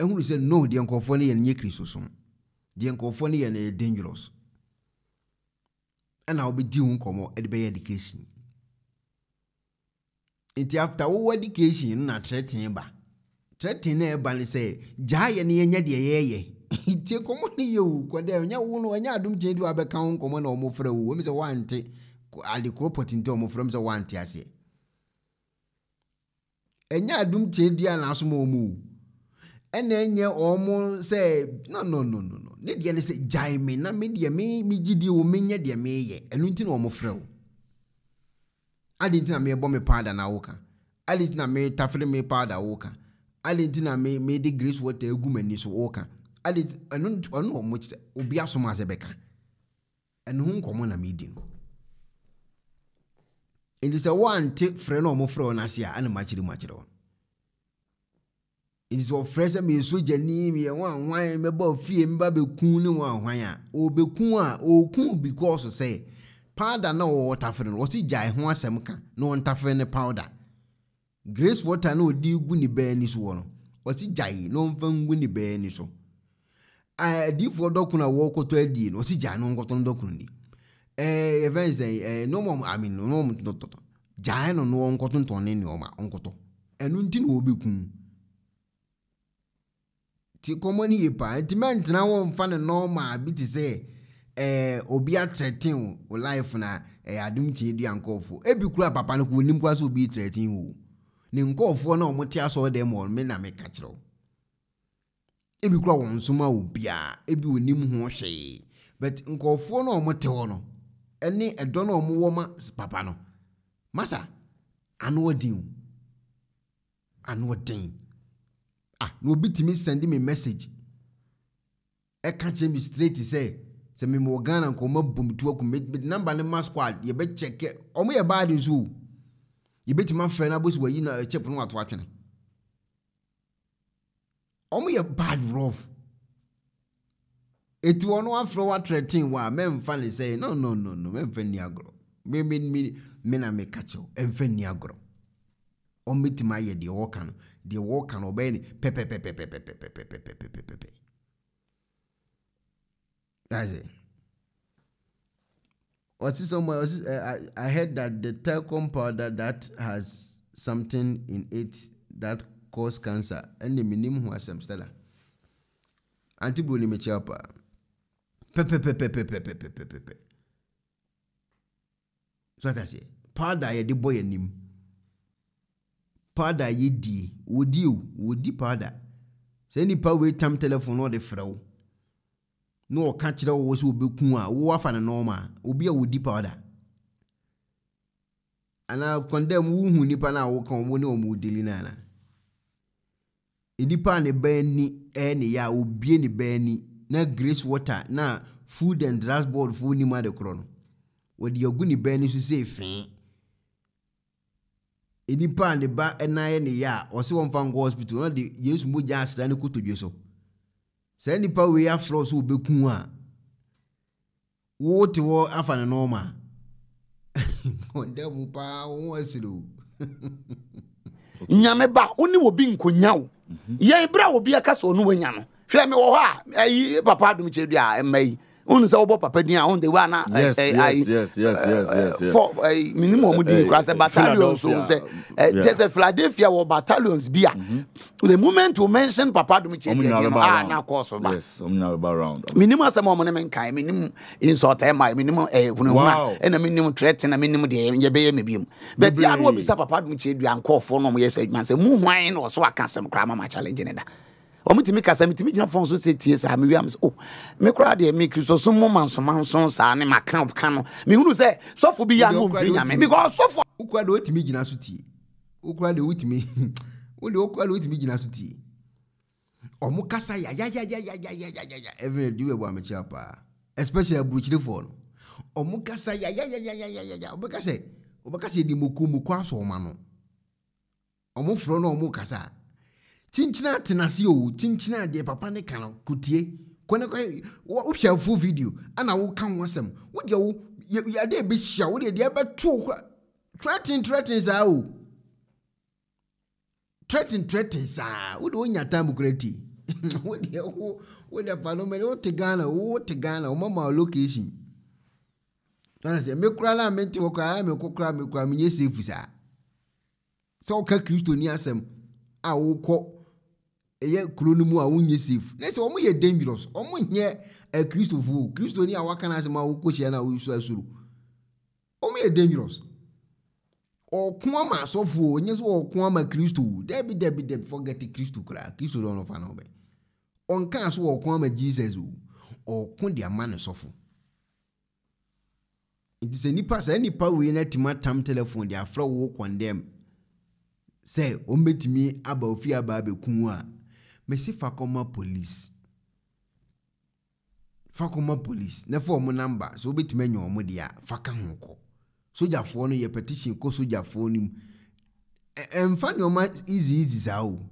ɛhunu sɛ no deɛ nkurɔfoɔ no yɛ no nyɛ kristosom deɛ nkurɔfoɔ no yɛ no yɛ dangerous ɛna wobɛdi ho nkɔmmɔ ɛde bɛyɛ education nti after wowɔ education no na trɛten ba trɛten no ɛba no sɛ gyaa yɛ no yɛnyɛ deɛ yɛyɛ nti nkɔmmɔ no yɛ o kɔdɛ ɛnyɛ wo no ɛnyɛ adom kyɛn de wabɛka ho nkɔmmɔ na ɔmofrɛ wo wɔm sɛ woante ade korɔ pɔtente ɔmofrɛ m sɛ woante aseɛ enye adum kyerɛ dua na asụ wɔn mu ɛna ɛnyɛ wɔn sɛ no no no no no ne na me deɛ me me gyi deɛ wɔ me nyɛ deɛ na wɔn o adi na me bɔ me na awoka adi ti na me tafere me paada awoka adi na me me de grace water egu me ni so awoka adi obi asom asɛ bɛka ɛnu ho nkɔmɔ na me di no. nti sɛ woante frɛ no ɔmofrɛ wo no ase a makyere nti sɛ ɔfrɛ sɛ meyɛ mɛba meba bɛku ne a ɔbɛku a ɔku because sɛ powder na wɔwɔ tafere no wɔse gyae ho asɛm ka na ɔntafere ne powder grace water na ɔde gu ne baa ni so wɔ no gyae na ɔmfa ngu ne baa ni so adiifoɔ dɔkono a adie no gyae na ɔnkɔtɔ eveze nom amin no noɔ ne ɔma nkɔtɔ ɛno nti na wɔbɛkum ti kɔmmɔ eh, no yie paa nti mɛntena mfa ne bi te sɛ eh, obi atrɛten o life na ɛyɛ eh, adum tie dua nkɔɔfoɔ ɛbi kura papa no obi trɛten o ne nkɔɔfoɔ na wɔn te asɔ dɛm ma me na kyerɛw ebi kura wɔn nsoma onim ho ne ɛdɔ no a wɔwɔ ma papa no masa ano ɔden o ano ɔden ah na obi tumi send me message ɛka kyerɛ me straight sɛ sɛ memmɔ ghana nkɔma bomtu aku mede number ne ma squad yɛbɛkyɛkɛ ɔmo yɛ baade nso o yɛbɛtumi afrɛ no abɔsi wayi na ɛkyɛp no wato atwene ɔmo yɛ bad rough etu ɔno afrɛ wa threaten wa mɛmfa ne sɛ no no no no mɛmfa ni agorɔ mmemme me na meka kyɛw ɛmfa ni agorɔ ɔmmɛtumi ayɛ deɛ wɔka no deɛ wɔka no ɔbɛyɛ ne pɛpɛpɛpɛpɛpɛpɛpɛpɛpɛpɛpɛ That's it. What's somewhere? What's, uh, I, I heard that the talcum powder that has something in it that cause cancer ɛne menim ho asɛm stella ante bro ne mekyia paa pɛpɛpɛpɛpɛpɛpɛpɛpɛ so ata seɛ powder a yɛde bɔ yɛn anim powder a yɛdie wɔdi o wɔdi powder sɛ nipa wei tam telephone na ɔde frɛ wo na ɔka kyerɛ wo sɛ wɔbɛku a wo afa ne nɔɔma a obi a wɔdi powder anaa kɔndɛm wohu nipa no a woka wo ne ɔmo deli no ana nipa a ni ɛɛ ne yɛ a obie ne baa na grace water na food and drugs board foɔ nim ade korɔ no wɔde agu ne ban no so sɛ fee nipa a ne ba nan yɛ ne yɛ a ɔsɛ wɔmfa nkɔ hospital na de yesu mogya asra ne kotodwe so saa nipa wei afrɛ sɛ wɔbɛku a wowote hɔ afa ne nɔɔma ɔnda mu paa wo asiri o nyame ba wo ne wɔbi nkonya wo mhm. yɛn berɛ a wɔbi aka sɛ ɔno wanya no hwɛ mi wɔ hɔ a ayi papa adum kyerɛ dua ɛmɛ yi wọn sɛ wɔbɔ papa din a wọn de wa na ɛɛ ayi fɔ ɛɛ minimu wɔn di nkura sɛ battalions o sɛ ɛɛ kyesɛ philadelphia wɔ battalions bi a mhm. the moment you mention papa adum kyerɛ dua yɛn a na kɔ so ba minimu asɛm wɔn ne mi nkan minimu nsɔtɛ ma minimu ɛɛ hunahuna ɛna minimu tɛrɛtɛ na minimu deɛ yɛ bɛyɛ mɛ bi mu bɛti anu obisa papa adum kyerɛ dua nkɔɔfo na wɔn yɛ sɛ ɛdwuma sɛ mu hwan na wɔso aka asɛm koraa ma ma challenge ne ɔmotumi kasa metumi gyina fɔn so sɛ tie saa mewiam sɛ o me koraa deɛ me kristosom mu ma nsomanso saa ne maka ka no mehunu sɛ sɔfo bi yɛ a na ɔmfiri nyame because sɔfo wokora deɛ wotumi gyina so tie wokora deɛ wotumi wode wokora deɛ wotumi gyina so tie ɔmo kasa yayayayayayayayaya ɛvene de wɛbɔ amekyia paa especially aburukyirefoɔ no ɔmo kasa ya ya ya ya ya yayayayayayaya wobɛka sɛ wobɛka sɛ yɛde moko moko asɔ ɔma no ɔmo frɔ no ɔmo kasa kyinkyina atena ase o kyinkyina adeɛ papa ne ka no kutie kɔnɛkɔ wohwɛ afu video ana woka ho asɛm wodeɛ wo adeɛ bɛhyia wode deɛ bɛtoo kora tretin tretin saa o tretin tretin saa wode wonya time kora ti wodeɛ wo wodeɛ fa no mɛne wote ghana wote ghana womama wo location sɛ mekora no a mente hɔ koraa mekɔkora mekora menyɛ safe saa sɛ woka kristoni asɛm a wokɔ ɛyɛ kuro no mu a wonyɛ safe na sɛ wɔn yɛ dangerous wɔn nyɛ ɛkristofo kristo ni a waka na asɛm a wokɔ hyia na wosu asoro wɔn yɛ dangerous ɔko ama asɔfo onye sɛ ɔko ama kristo dɛbi dɛbi dɛbi forget kristo koraa kristo dɔn ɔfa na ɔbɛ ɔnka so ɔko ama jesus o ɔko de ama ne sɔfo nti sɛ nipa sɛ nipa wei na tuma tam telephone de afra wo condemn sɛ wɔn aba ofie aba abɛkum a mesi fa kɔma police fa kɔma police na fa ɔmo namba so wobɛtumi anya ɔmo deɛ a fa ka ho kɔ sogyafoɔ no yɛ petition kɔ sogyafoɔ no mu ɛmfa e, e, nneɛma easy easy saa o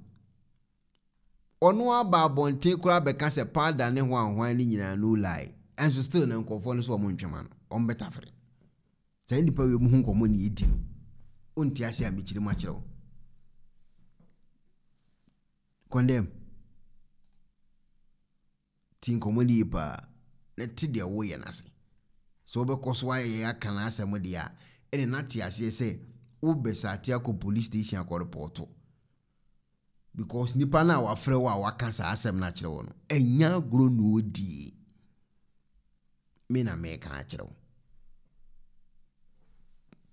ɔno aba abɔnten koraa bɛka sɛ paada ne ho ahoan ne nyinaa no lie ɛnso still na nkɔfoɔ no sɛ ɔmo ntwema no ɔmo bɛtafere saa nipa wei mu ho nkɔmɔ ne yɛdi no ɔnti ase a mekyiri mu akyerɛ condemn ti nkɔmmɔ no yie paa na te deɛ woyɛ no ase sɛ wobɛkɔ so ayɛyɛ aka no asɛm deɛ a ɛne nate aseɛ sɛ wobɛsaate akɔ police station akɔrepɔɔto because nipa no a wafrɛ wo a waka saa asɛm no akyerɛ no ɛnya agorɔ na ɔdie me na meka akyerɛ wo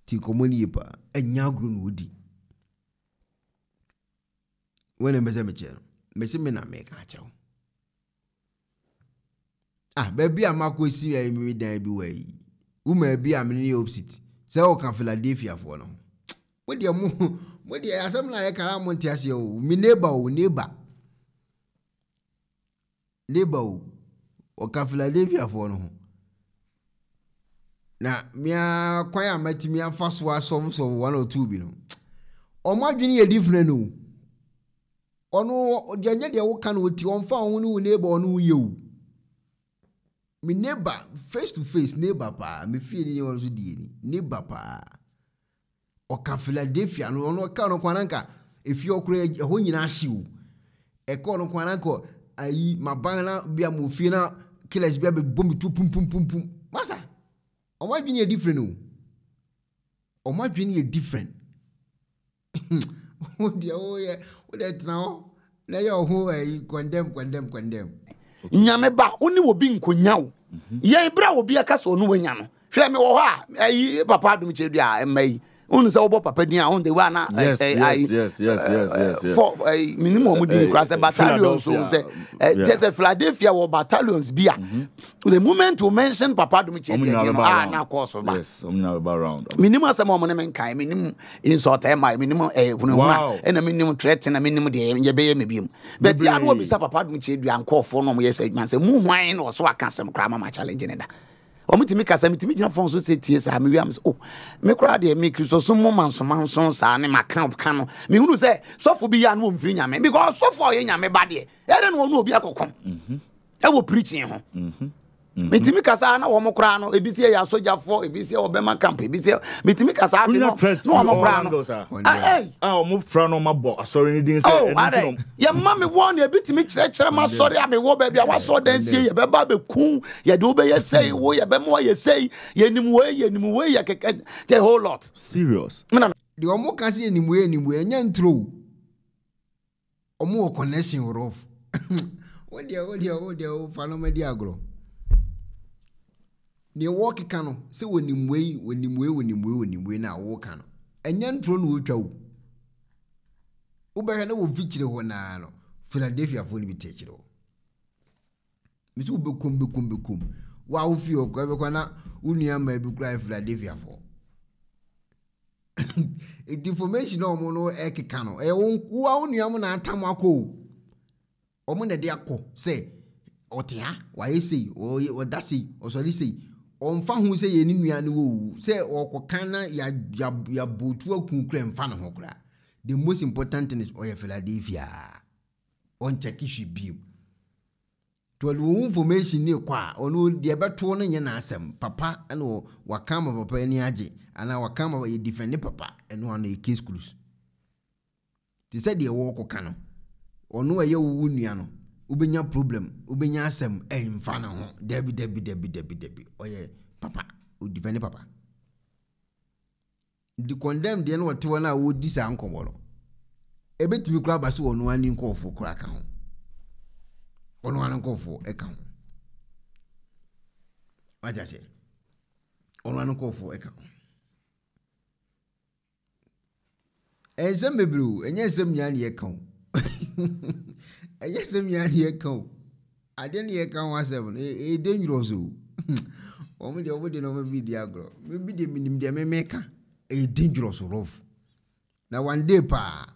nti nkɔmmɔ no yie paa ɛnya agorɔ na ɔdi wɔne mbɛsɛ mekyerɛ no mɛsɛ me na meka akyerɛ wo ah baabi a mako esi yɛ mi dan bi wɔ yi wuma bi a mi ne yɛ opposite sɛ ɔka philadelphia foɔ no mo deɛ mo mo deɛ asɛm na yɛ kara mo nte aseɛ o mi neighbor o neighbor neighbor o ɔka philadelphia foɔ no ho na mia kwan a mɛtumi afa so asɔmsɔm one or two bi no ɔmo adwene yɛ different o ɔno deɛ nye deɛ woka no o ti ɔnfa ɔmo ne wo neighbor ɔno yɛ o me neighbor face to face neighbor paa me fie ni wɔn nso die ni neighbor paa ɔka philadelphia no ɔno ɔka ɔno kwan anka efie ɔkoro ɛhɔ nyinaa si o ɛka ɔno kwan anka ayi ma ban na bi a mo fie na killers bi a bɛ bɔ mi tu pum pum pum pum masa ɔmo adwene yɛ different o ɔmo adwene yɛ different o deɛ o yɛ o deɛ tena hɔ na ɔho ɛyi condemn condemn condemn nyame ba wo ne wɔbi nkonya wo mhm. yɛn berɛ a wɔbi aka sɛ ɔno wanya no hwɛ mewɔ hɔ a ayi papa adom kyerɛ du ɛma yi wọn sɛ wɔbɔ papa din eh, eh, eh, a de wa na ɛ ɛ ayi minimu wɔn di nkura sɛ battalions o sɛ ɛ jɛsɛ philadelphia wɔ battalions the moment we mention papa dum cɛ bi ɛdi no na kɔ so ba minimu asɛm wɔn ne mi nkan minimu insult ma minimu ɛ hunahuna ɛna minimu threat na minimu deɛ yɛ bɛyɛ mi bi mu bɛti anu wɔ bisa papa dum cɛ bi a nkɔɔfo na wɔn yɛ sɛ ɛdwuma mu hwan na wɔso aka sɛm kura ama ma challenge ne da wɔn tumi kasa mi tumi gyina fɔn so sɛ tie saa mi wi am sɛ o mi kura deɛ mi kiri so so mo ma nsoma nson saa ne ma kan kan no mi hunu sɛ sɔfo bi ya no wɔn firi nyame because sɔfo a ɔyɛ nyame ba deɛ ɛyɛ dɛ no wɔn no obi akɔkɔ mhm. ɛwɔ pirikyin ho. Mhm. Mhm. metumi kasa na wɔn koraa no ebi si yɛ asogyafoɔ ebi si yɛ ɔbɛma camp ebi si yɛ kasa afi no na wɔn koraa no a wɔn fura na wɔn abɔ asɔre ne din sɛ oh, ɛnu ti nom yɛ mma mi wɔ no ebi tumi kyerɛkyerɛ ma sɔre a mi wɔ baabi a wasɔ dan sie yɛ ba bɛ kun yɛ de wo bɛ yɛ sɛyi wo yɛ bɛ mɔ yɛ sɛyi yɛ nim wo yɛ nim wo yɛ kɛkɛ the whole lot. serious. deɛ wɔn ka se yɛ nim wo yɛ nim wo yɛ nyɛ nturo connection wɔ rɔf wɔn deɛ wɔn deɛ wɔn deɛ wɔn fa na wɔn adi agorɔ. newɔ keka no sɛ wɔnimwei wɔnimwei wɔnimwei wɔnimwei no a wɔka no ɛnyɛ ntoro na wɔtwa wo wobɛhwɛ na wɔfi kyerɛ hɔ naa no philadelphiafoɔ no bi te kyerɛ hɔ mesɛ wobɛkom bɛkom bɛkom wa wofie hɔ na wo bi philadelphiafoɔ nti a ɔmo no ɛkeka no ɛyɛ wa wo nua mo akɔ o ɔmo na ɛde akɔ sɛ ɔte ha wayɛ sei ɔda sei ɔsɔre sei ɔmfa ho sɛ yɛ ne nua no wɔwu sɛ ɔkɔka na yɛabotu aku kora mfa ne ho koraa the most important thing is ɔyɛ philadelphia ɔnkyɛke hwe bio tɔde wɔn information ne kɔ a ɔno deɛ ɛbɛtoɔ no nyɛ n'asɛm papa ɛna waka ama papa ani agye anaa waka ama yɛ defend ne papa ɛno ano yɛ case cruise te sɛ deɛ wɔrekɔka no ɔno ɛyɛ wɔwɔ nua no wobɛnya problem wobɛnya asɛm ɛmfa ne ho dabi dabi dabi dabi dabi ɔyɛ papa odifɛne papa de condemn deɛ no wɔte wɔn a wɔdi saa nkɔmɔ no ɛbɛtumi koraa ba so wɔn noa ne nkɔɔfoɔ koraa ka ho wɔn noa ne nkɔɔfoɔ ɛka ho wagya hyɛ wɔn nkɔɔfoɔ ɛka ho ɛnsɛm bebree ɛnyɛ nsɛm nyinaa ne yɛka ho. ɛyɛ sɛm nyinaa ne yɛka o adeɛ ne yɛka ho asɛm no ɛyɛ dangerous o wɔn deɛ wɔn de na wɔn bi di agorɔ bi deɛ minim deɛ mɛmɛka ɛyɛ dangerous rough na one day paa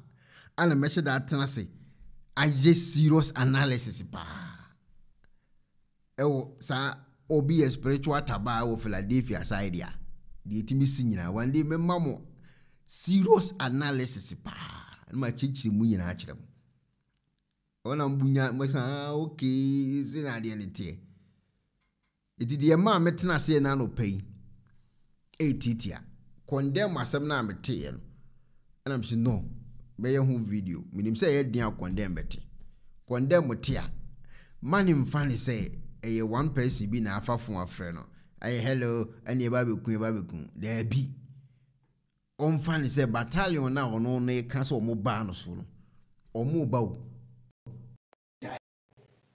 ana mɛhyɛ da atena se ayɛ serious analysis paa ɛwɔ saa obi yɛ spiritual tabaa wɔ philadelphia side a deɛ etimi si nyinaa one day mɛma mo serious analysis paa ɛna ma kyekyere mu nyinaa kyerɛ mo. ɔnambunya mbɛsa ah, okay se na adeɛ ne teɛ eti deɛ mmaa metena aseɛ na anɔpɛ yi ɛretiatia kɔndɛm asɛm no a meteeɛ no ɛna mese no mɛyɛ ho video menim sɛ ɛyɛ den a kɔndɛm bɛte kɔndɛm te a ma ne mfa ne sɛ ɛyɛ one person bi na afa fo afrɛ no ɛyɛ hello ɛne ɛba bɛku ɛba bɛku daabi ɔmfa ne sɛ battalion no a ɔno no ka sɛ ɔmo baa no so no ɔmo ba o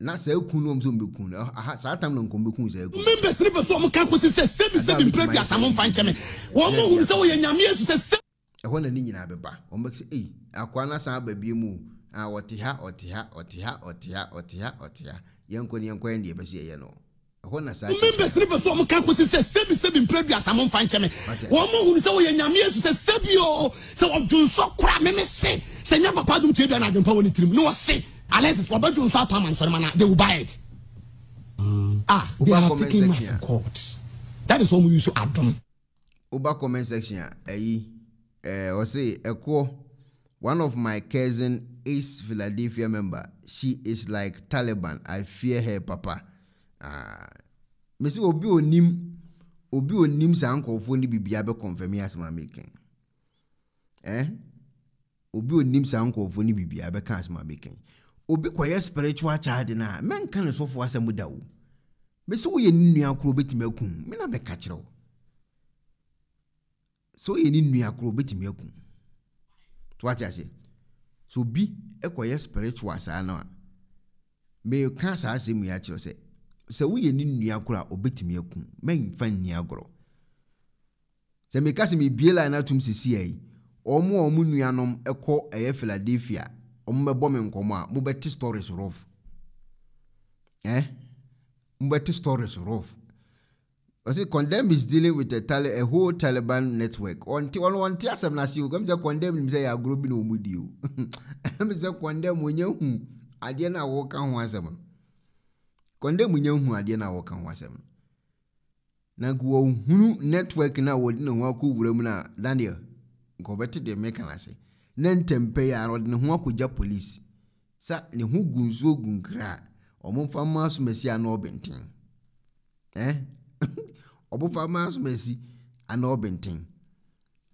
na saa ekun na wɔn nso mbɛ kun na aha saa tam na nkɔm bɛ kun saa ekun. members ni bɛfɔ ɔmo kan ko si sɛ sebi sebi mpere bi asamu nfa nkyɛn mi wɔn mo hun sɛ wɔyɛ nyame esu sɛ sɛ. ɛhɔ na ne nyinaa bɛ ba wɔn bɛ sɛ eyi akwa na aba bie mu a ɔte ha ɔte ha ɔte ha ɔte ha ɔte ha ɔte ha yɛn nkɔ ne yɛn nkɔ yɛn deɛ bɛsi ɛyɛ no ɛhɔ na saa. members ni bɛfɔ ɔmo kan ko si sɛ sebi sebi mpere bi asamu nfa nkyɛn mi wɔn mo hun sɛ wɔyɛ nyame esu sɛ sebi o sɛ ɔdun sɔ kura mímí se sɛ nyɛ papa dum tiɛ do ɛna wɔ ne tirim ne wɔ se unless it's ọbẹ jun south am and ceremony they will buy it. Mm. ah they Uba have taken in court. that is why we use adum. uba comment section a Eh, ẹ say, sẹ eh, one of my cousin is philadelphia member she is like taliban i fear her papa Ah, mesi obi onim obi onim saa nkɔfoɔ ne biribi abɛ confirm yi asɛm amekan Eh, obi onim saa nkɔfoɔ ne biribi abɛka asɛm amekan obi kɔyɛ spiritual child no a mɛnka ne sɔfoɔ asɛm da wo mɛsɛ woyɛ ne nua korɔ wobɛtumi akum me na mɛka kyerɛ wo sɛ woyɛ ne nua korɔ wobɛtumi akum so wate aseɛ so obi kɔyɛ spiritual saa no a meka saa asɛm yi akyerɛ sɛ sɛ woyɛ ne nua korɔ a obɛtumi akum mɛmfa nni agorɔ sɛ meka sɛ mebie line atom sisi ayi ɔmo a ɔmo nuanom kɔ ɛyɛ philadelphia ɔmo bɛbɔ me nkɔmɔ a mo stories rough Eh? mo stories rough ɔsi condemn is dealing with a, tali, a whole taliban network ɔnti ɔno ɔnti asɛm n'asi o kɛmi condemn nim sɛ yɛ agorɔ bi na ɔmo di o ɛmi sɛ condemn onye hu adeɛ na wɔka ho asɛm no condemn onye hu adeɛ na wɔka ho asɛm no na nka wɔhunu network na wɔde ne ho akɔ wura mu na daniel nka ɔbɛte deɛ mɛka n'ase na ntɛmpɛ yi a ɔde ne ho akɔgya polisi sa ne ho gu nsuo gu nkra a ɔmofa mma asomasi ana ɔbɛnten ɛn ɔbofa mma asomasi ana ɔbɛnten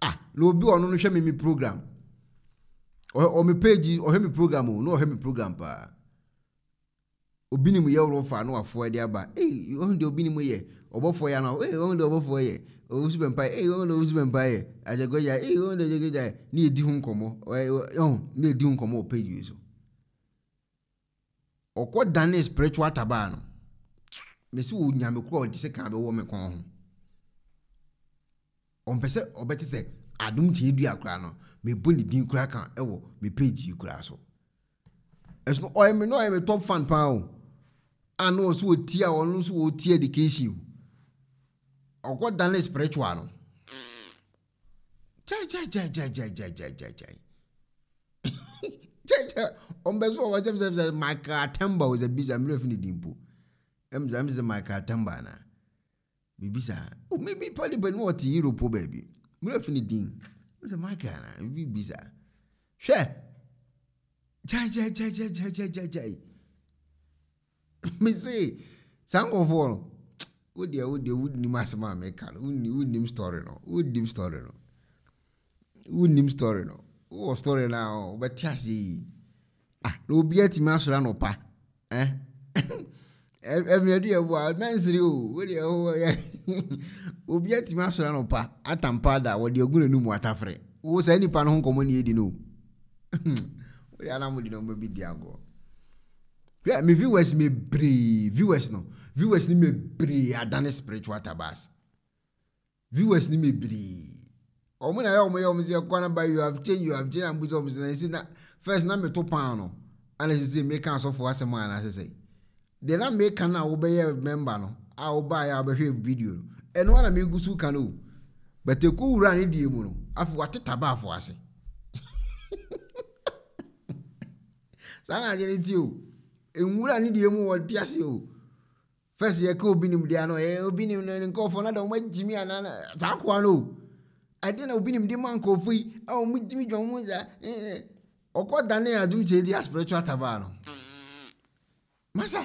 ah na obi ɔno no hwɛ mi mi program ɔmi page ɔhwɛ mi program o na ɔhwɛ mi program paa obi ni mu yɛ ɔrɔ fa na wafoɔ ɛde aba ee ɔhun de obi ni mu yɛ ɔbɔfoɔ yɛ ana ee ɔhun de ɔbɔfoɔ yɛ owusu bɛ mpa ye ee eh, wɔn na owusu bɛ mpa ye ajagɔja ee eh, wɔn na ajagɔja ye ne edi ho nkɔmɔ ɛhɔn eh, ne edi ho nkɔmɔ wɔ page yi so ɔkɔ dane spiritual tabaa no mesi wo nyame kura ɔde se kan bɛ wɔ mi kɔn ho ɔmpɛ sɛ ɔbɛte sɛ adum tie dua kura no mebu ne din kura kan ɛwɔ me page yi kura so ɛsono ɔyɛ mi na ɔyɛ mi top fan paa o a na ɔso wɔ tie a ɔno nso wɔ tie education o ọkọ danle spiritual no jai jai jai jai jai jai jai jai jai jai jai ọmọbẹsọ ọwọ ṣe ṣe ṣe michael atamba ọsẹ bisa mi lọfi ni dimpo ẹmu sẹ mi sẹ michael atamba na bibi sa mi mi pali bẹni wọ́n ti europe bẹẹbi mi lọfi ni din mi sẹ michael na bibi bisa hwẹ jai jai jai jai jai jai jai mi sẹ sanko fọlọ wo deɛ wo deɛ wonnim asɛm a meka no wonnim story no wonnim story no wonnim story no wowɔ story no a wobɛte ase yi ah na obi atumi asɔre anɔpa ɛmiadu yɛ bo a nansiri o wodeɛ woyɛ obi atumi asɔre anɔpa atampa da wɔde agu n'anim atafrɛ wo saa nipa no ho nkɔmmɔ ne yɛdi no wode anamode na ɔma bi di agorɔ meviewers mebree viewers no viewers ni bebree adane spiritual tabas viewers ni bebree ɔmo na yɛ ɔmo yɛ ɔmo sɛ ɛkɔ anaba you have changed you have changed and put ɔmo sɛ na na first na meto pan no ɛna sisi meka asɔfo asɛm a na sɛsɛ deɛ na meka na wobɛyɛ member no a wobaa yɛ a video no ɛno ara megu so ka no o bɛtɛ ko wura ne die mu no afei wate taba afo ase saa na adeɛ ne ti o e nwura ne die mu wɔte ase o first yɛ kɛ obi nim deɛ ano ɛɛ eh, obi nim no nkɔfoɔ na da wɔn agyimi ana saa koa no ɛdeɛ na obi nim de ma nkɔfoɔ yi a wɔn gyimi dwa wɔn za ɛɛ ɔkɔ dane adum kyerɛ di aspiritwal tabaa no masa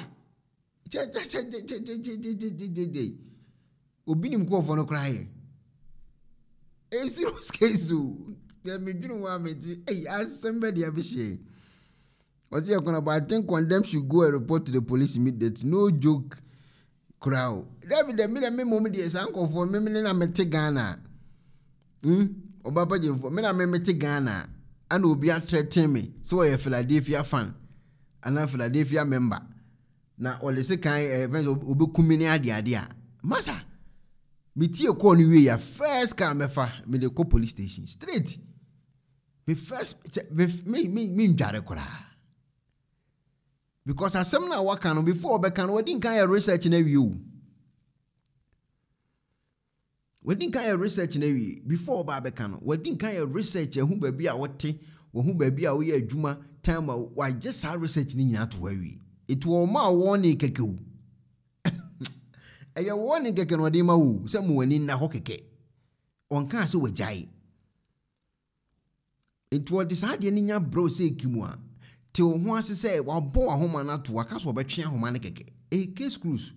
kyɛ kyɛ kyɛ kyɛ kyɛ kyɛ kyɛ kyɛ kyɛ kyɛ kyɛ obi nim nkɔfoɔ no koraa yɛ ɛyɛ eh, serious case o yɛ medwene wɔ amete ɛyɛ asɛm bɛ deɛ abɛhyɛ ɔsi ɛkɔnɔ but i think condemn should go and report to the police immediately no joke koraa o dabi dɛ mi dɛ mi mom deɛ saa nkɔfoɔ mi mi na mi te ghana hmm ɔba bɛgyɛfoɔ mi na mi mi te ghana ɛna obi atɛtɛn mi sɛ ɔyɛ philadelphia fan anaa philadelphia member na ɔde se kan ɛɛ eh, fɛn sɛ obi kumi ne ade ade a masa mi tie kɔɔ no wie ya first car mɛfa mi de kɔ police station straight mi first mi mi mi mi ndware koraa because asɛm no a waka no before ɔbɛka no wadi nka yɛ research no awie o wadi nka yɛ research no awie before ɔba abɛka no wadi nka yɛ research ɛho baabi a wɔte wɔho baabi a woyɛ adwuma time a wagye saa research no nyinaa to awie ɛti ɔma a wɔn ne kɛkɛ o ɛyɛ wɔn ne kɛkɛ no ɔde ma wo sɛ mo w'ani nna hɔ kɛkɛ ɔnka sɛ wagyae nti ɔde saa deɛ no nya brɛ sɛ ɛki a te wo ho ase sɛ wabɔ w'ahoma no ato waka so wɔbɛtwe ahoma no kɛkɛ ɛke screws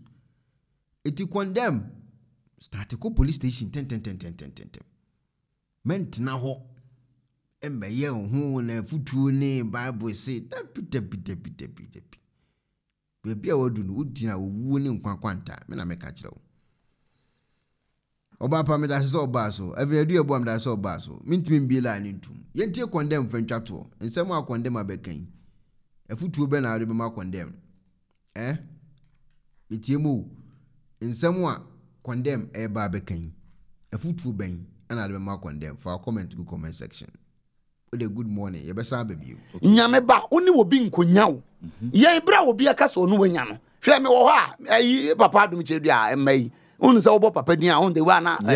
ɛti condemn start kɔ police station tɛntɛntɛntɛntɛntɛm mɛntena hɔ mmɛyɛ wo ho na afotuo ne bible se tapitapitapitapitapi baabi a wadu no wogyina owuo ne nkwakwanta me na meka kyerɛ wo ɔbaa pa medase sɛ ɔbaa so afiadu ɛboa medase sɛ ɔbaa so mentumi mbie laa ne ntom yɛntie kɔndɛm fa ntwatoɔ nsɛm a kɔndɛm abɛkan afutuo bɛ na wɔde bɛma condemn ɛ metie mu nsɛm a condemn ɛreba abɛkan afutuo bɛn ɛna wɔde bɛma condemn fa comment gu comment section wode good morning yɛbɛsan aba bio nyame ba wo ne wɔbi nkonya wo mhm. yɛn berɛ a wɔbi aka sɛ ɔno wanya no hwɛ hɔ a ayi papa adom kyerɛ du a ɛma yi wọn sɛ wobɔ papa din eh, eh, eh, a wọn de wa na fɔ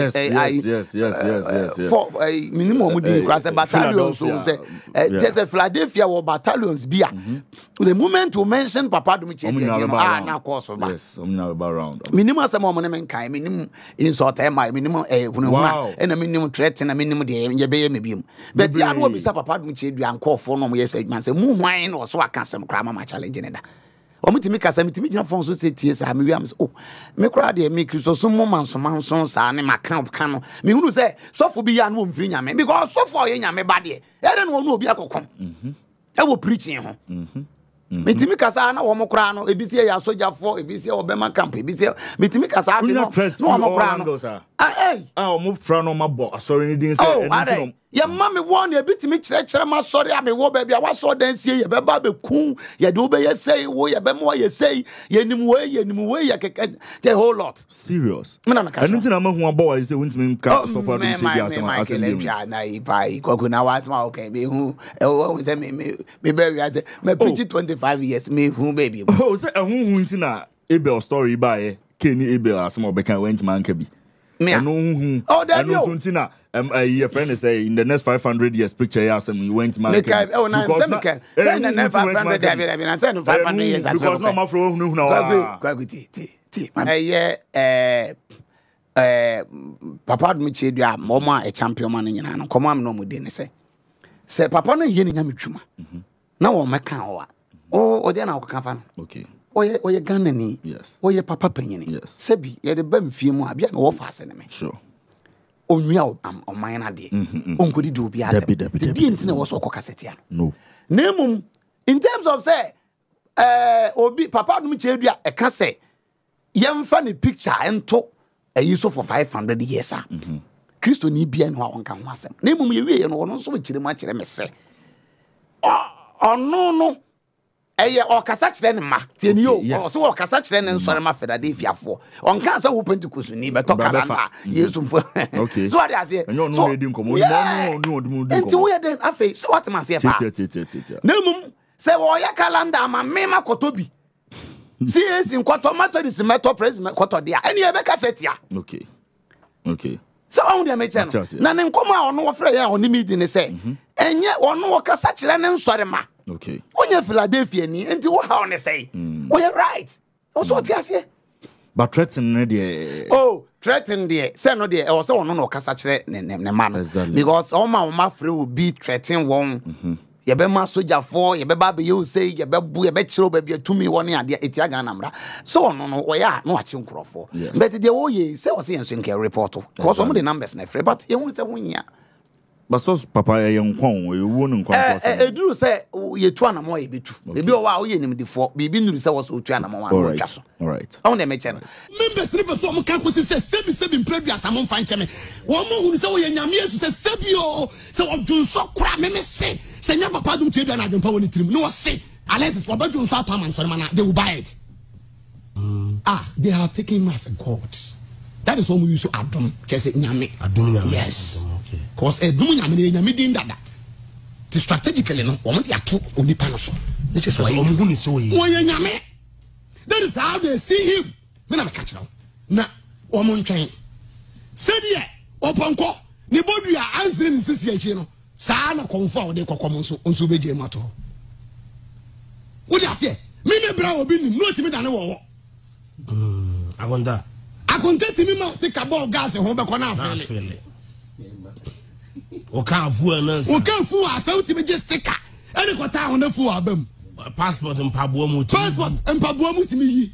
mini mu ɔmu di nkura sɛ battalions o sɛ kyɛ sɛ philadelphia wɔ battalions the moment you mention papa dum kyɛ bi ɛdiyɛ no na kɔ so ba mini mu asɛm ɔmu ne mi nkan mini mu insult ɛma mini mu ɛɛ hunahuna ɛna mini mu threat na mini mu deɛ yɛ bɛyɛ mɛ bi mu bɛti anu obisa papa dum kyɛ bi a nkɔɔfo na ɔmu yɛ sɛ ɛdwuma sɛ mu hwan na ɔso aka sɛm koraa ma ma challenge ne da wɔn tumi kasa mi tumi gyina fɔn so sɛ saa mi wi am o oh, mi kura deɛ mi kiri so so mo ma nsoma nson saa ne ma kan kan no mi hunu sɛ sɔfo bi ya no wɔn firi nyame because sɔfo a ɔyɛ nyame ba deɛ ɛdɛ no wɔn obi akɔkɔ ɛwɔ pirikyin ho mhm. Mhm. mitimi kasa na wɔn kura no ebi si yɛ asogyafoɔ ebi si yɛ ɔbɛma camp ebi si yɛ mitimi kasa afi no na wɔn kura no ɛɛ a wɔn fura no ma bɔ asɔre ne din sɛ oh, ɛni tinom yɛma me wɔ ne ɛbitumi kyerɛkyerɛ ma sɔre a mewɔ baabi a dan sie yɛbɛba bɛku yɛde wobɛyɛ sei wo yɛbɛma yɛ sei yɛnim wei yɛnim wei yɛ kɛkɛ the whole lot serious mena mekaɛno nti na mahu abɔ wa sɛ wontumi nka oh, sɔfo ade nkyɛ bi asɛmasɛmnaipa na wasɛm a woka mehu wahu sɛ mebɛwia sɛ mapirikyi 25 years mehu baabi oh, sɛ ɛhohu nti na abel story baeɛ kani abel asɛm a wɔbɛka wantumi anka bi ɛno huhu ɛno nso nti na yɛ fɛn ne sɛ in the next 500 years picture yɛ asɛm you went market mikael ɛwɔ na sɛ mikael sɛ ne ne five hundred dabi dabi na sɛ ne five hundred years asɛm oh, because na ɔma fura ohun ohun awaa kwaku ti ti ti ɛyɛ ɛɛ ɛɛ papa adumu kyie dua ma ɔmo a ɛchampion ma no nyinaa no kɔmɔ amina ɔmo de ne sɛ sɛ papa no yɛ ne nyame twuma mhm. na wɔn mɛka wɔ a ɔɔ ɔdi yɛn na ɔkɔ kan fa no ɔyɛ ɔyɛ Ghana ni, ɔyɛ papa panyini ni, sɛbi yɛde ba mfie mu a na wɔfa ase ne me sure. ɔnwia ɔman no adeɛ ɔnkɔdi mm, mm, mm. de obi atɛmnti deɛ nti na ɛwɔ sɛ ɔkɔ no ne mmom in terms of sɛ uh, obi papa dom kyerɛ du a ɛka sɛ yɛmfa ne picture ɛnto ayi so for 500 years a mm-hmm. kristo ne bia ne hɔ a ɔnka ho asɛm na mmom yɛwieɛ no ɔno nso kyerɛ mu akyerɛ me sɛ ɔno no ɛyɛ ɔkasa kyerɛ ne ma tie ni o ɔsɛ ɔkasa kyerɛ ne mm. nsɔre ma fɛdade fiafoɔ ɔnka sɛ wo pentekosu ni bɛtɔ kara mm. na yesu fo so wade aseɛ so nti woyɛ den afei so watem aseɛ paa na mmom sɛ wɔyɛ kalanda ama mema hmm. kɔtɔ bi cac nkɔtɔ methodist mɛtɔ president kɔtɔ deɛ ɛne yɛbɛka sɛ tia sɛ ɔhu deɛ mekyɛ no na ne nkɔmmɔ a ɔno wɔfrɛ yɛ a ɔne medi ne sɛ mhm. ɛnyɛ ɔno wɔkasa kyerɛ ne nsɔre ma okay wonyɛ philadelphia ni nti wo ha ne sɛe hmm. woyɛ right ɔsɛ ɔte aseɛ but threaten ne deɛ oh threaten deɛ sɛ no deɛ ɛwɔ e sɛ ɔno na ɔkasa kyerɛ ne ne ne ma no because ɔma ɔma frɛ obi threaten wɔn mhm. yɛbɛma sogyafoɔ yɛbɛba abɛyɛ osei yɛbɛbu yɛbɛkyerɛ baabi atumi wɔ ne adeɛ ɛtia ghana mmara sɛ ɔno no ɔyɛ a na wakye nkurɔfoɔ but deɛ wɔyɛ sɛ ɔsɛ yɛn so nkɛ report because ɔmo de numbers na ɛfrɛ but yɛhu sɛ wonyia basɔs papa ɛyɛ eh, nkwan ɛwuo eh, ne nkwan eh, so asɛm ɛduru sɛ yɛtu anamɔ yɛ bɛtu ebi ɔwɔ a woyɛ nimdefoɔ biribi nuru sɛ wɔ so ɔtu anamɔ a wɔtwa so ɔwo na ɛmɛkyɛ no members ne bɛfo ɔmo ka kɔsi sɛ sɛbi sɛbi mpira duasa mo mfa nkyɛ me wɔn mo hunu sɛ wɔyɛ nyame yesu sɛ sɛbi o sɛ ɔdwonsɔ kora meme se sɛ nyɛ papa dum tie dua na adwompa wɔ ne tirim ne wɔse alexis wɔbɛdwonsɔ atɔ ama nsɔrima na they will buy it mm. ah they have taken me as a god that is why mo use adom kyɛ sɛ nyame adom nyame yes. Adum cause ɛdum nyame no nyame din dada ti strategically no wɔn de ato onipa no so ne kyerɛ sɛ wɔyɛ nyame wɔyɛ nyame that is how they see him me na meka kyerɛ wo na wɔn ntwɛn sɛdeɛ ɔpɔnkɔ ne bodua ansere ne sisi akyi no saa na kɔnfo a wɔde kɔkɔm nso nso bɛgye mu to. hɔ wodi aseɛ mi ne bra obi nim no otimi dane wɔwɔ. akonta timi ma sika bɔɔl gaasi ho bɛkɔ n'afɛle wòká afu anansa. wòká afu asawu tìmí jẹ sika ẹni kọta àwọn afu abẹ mu. passport mpaboa mu tìmí yi. passport mpaboa mu tìmí yi.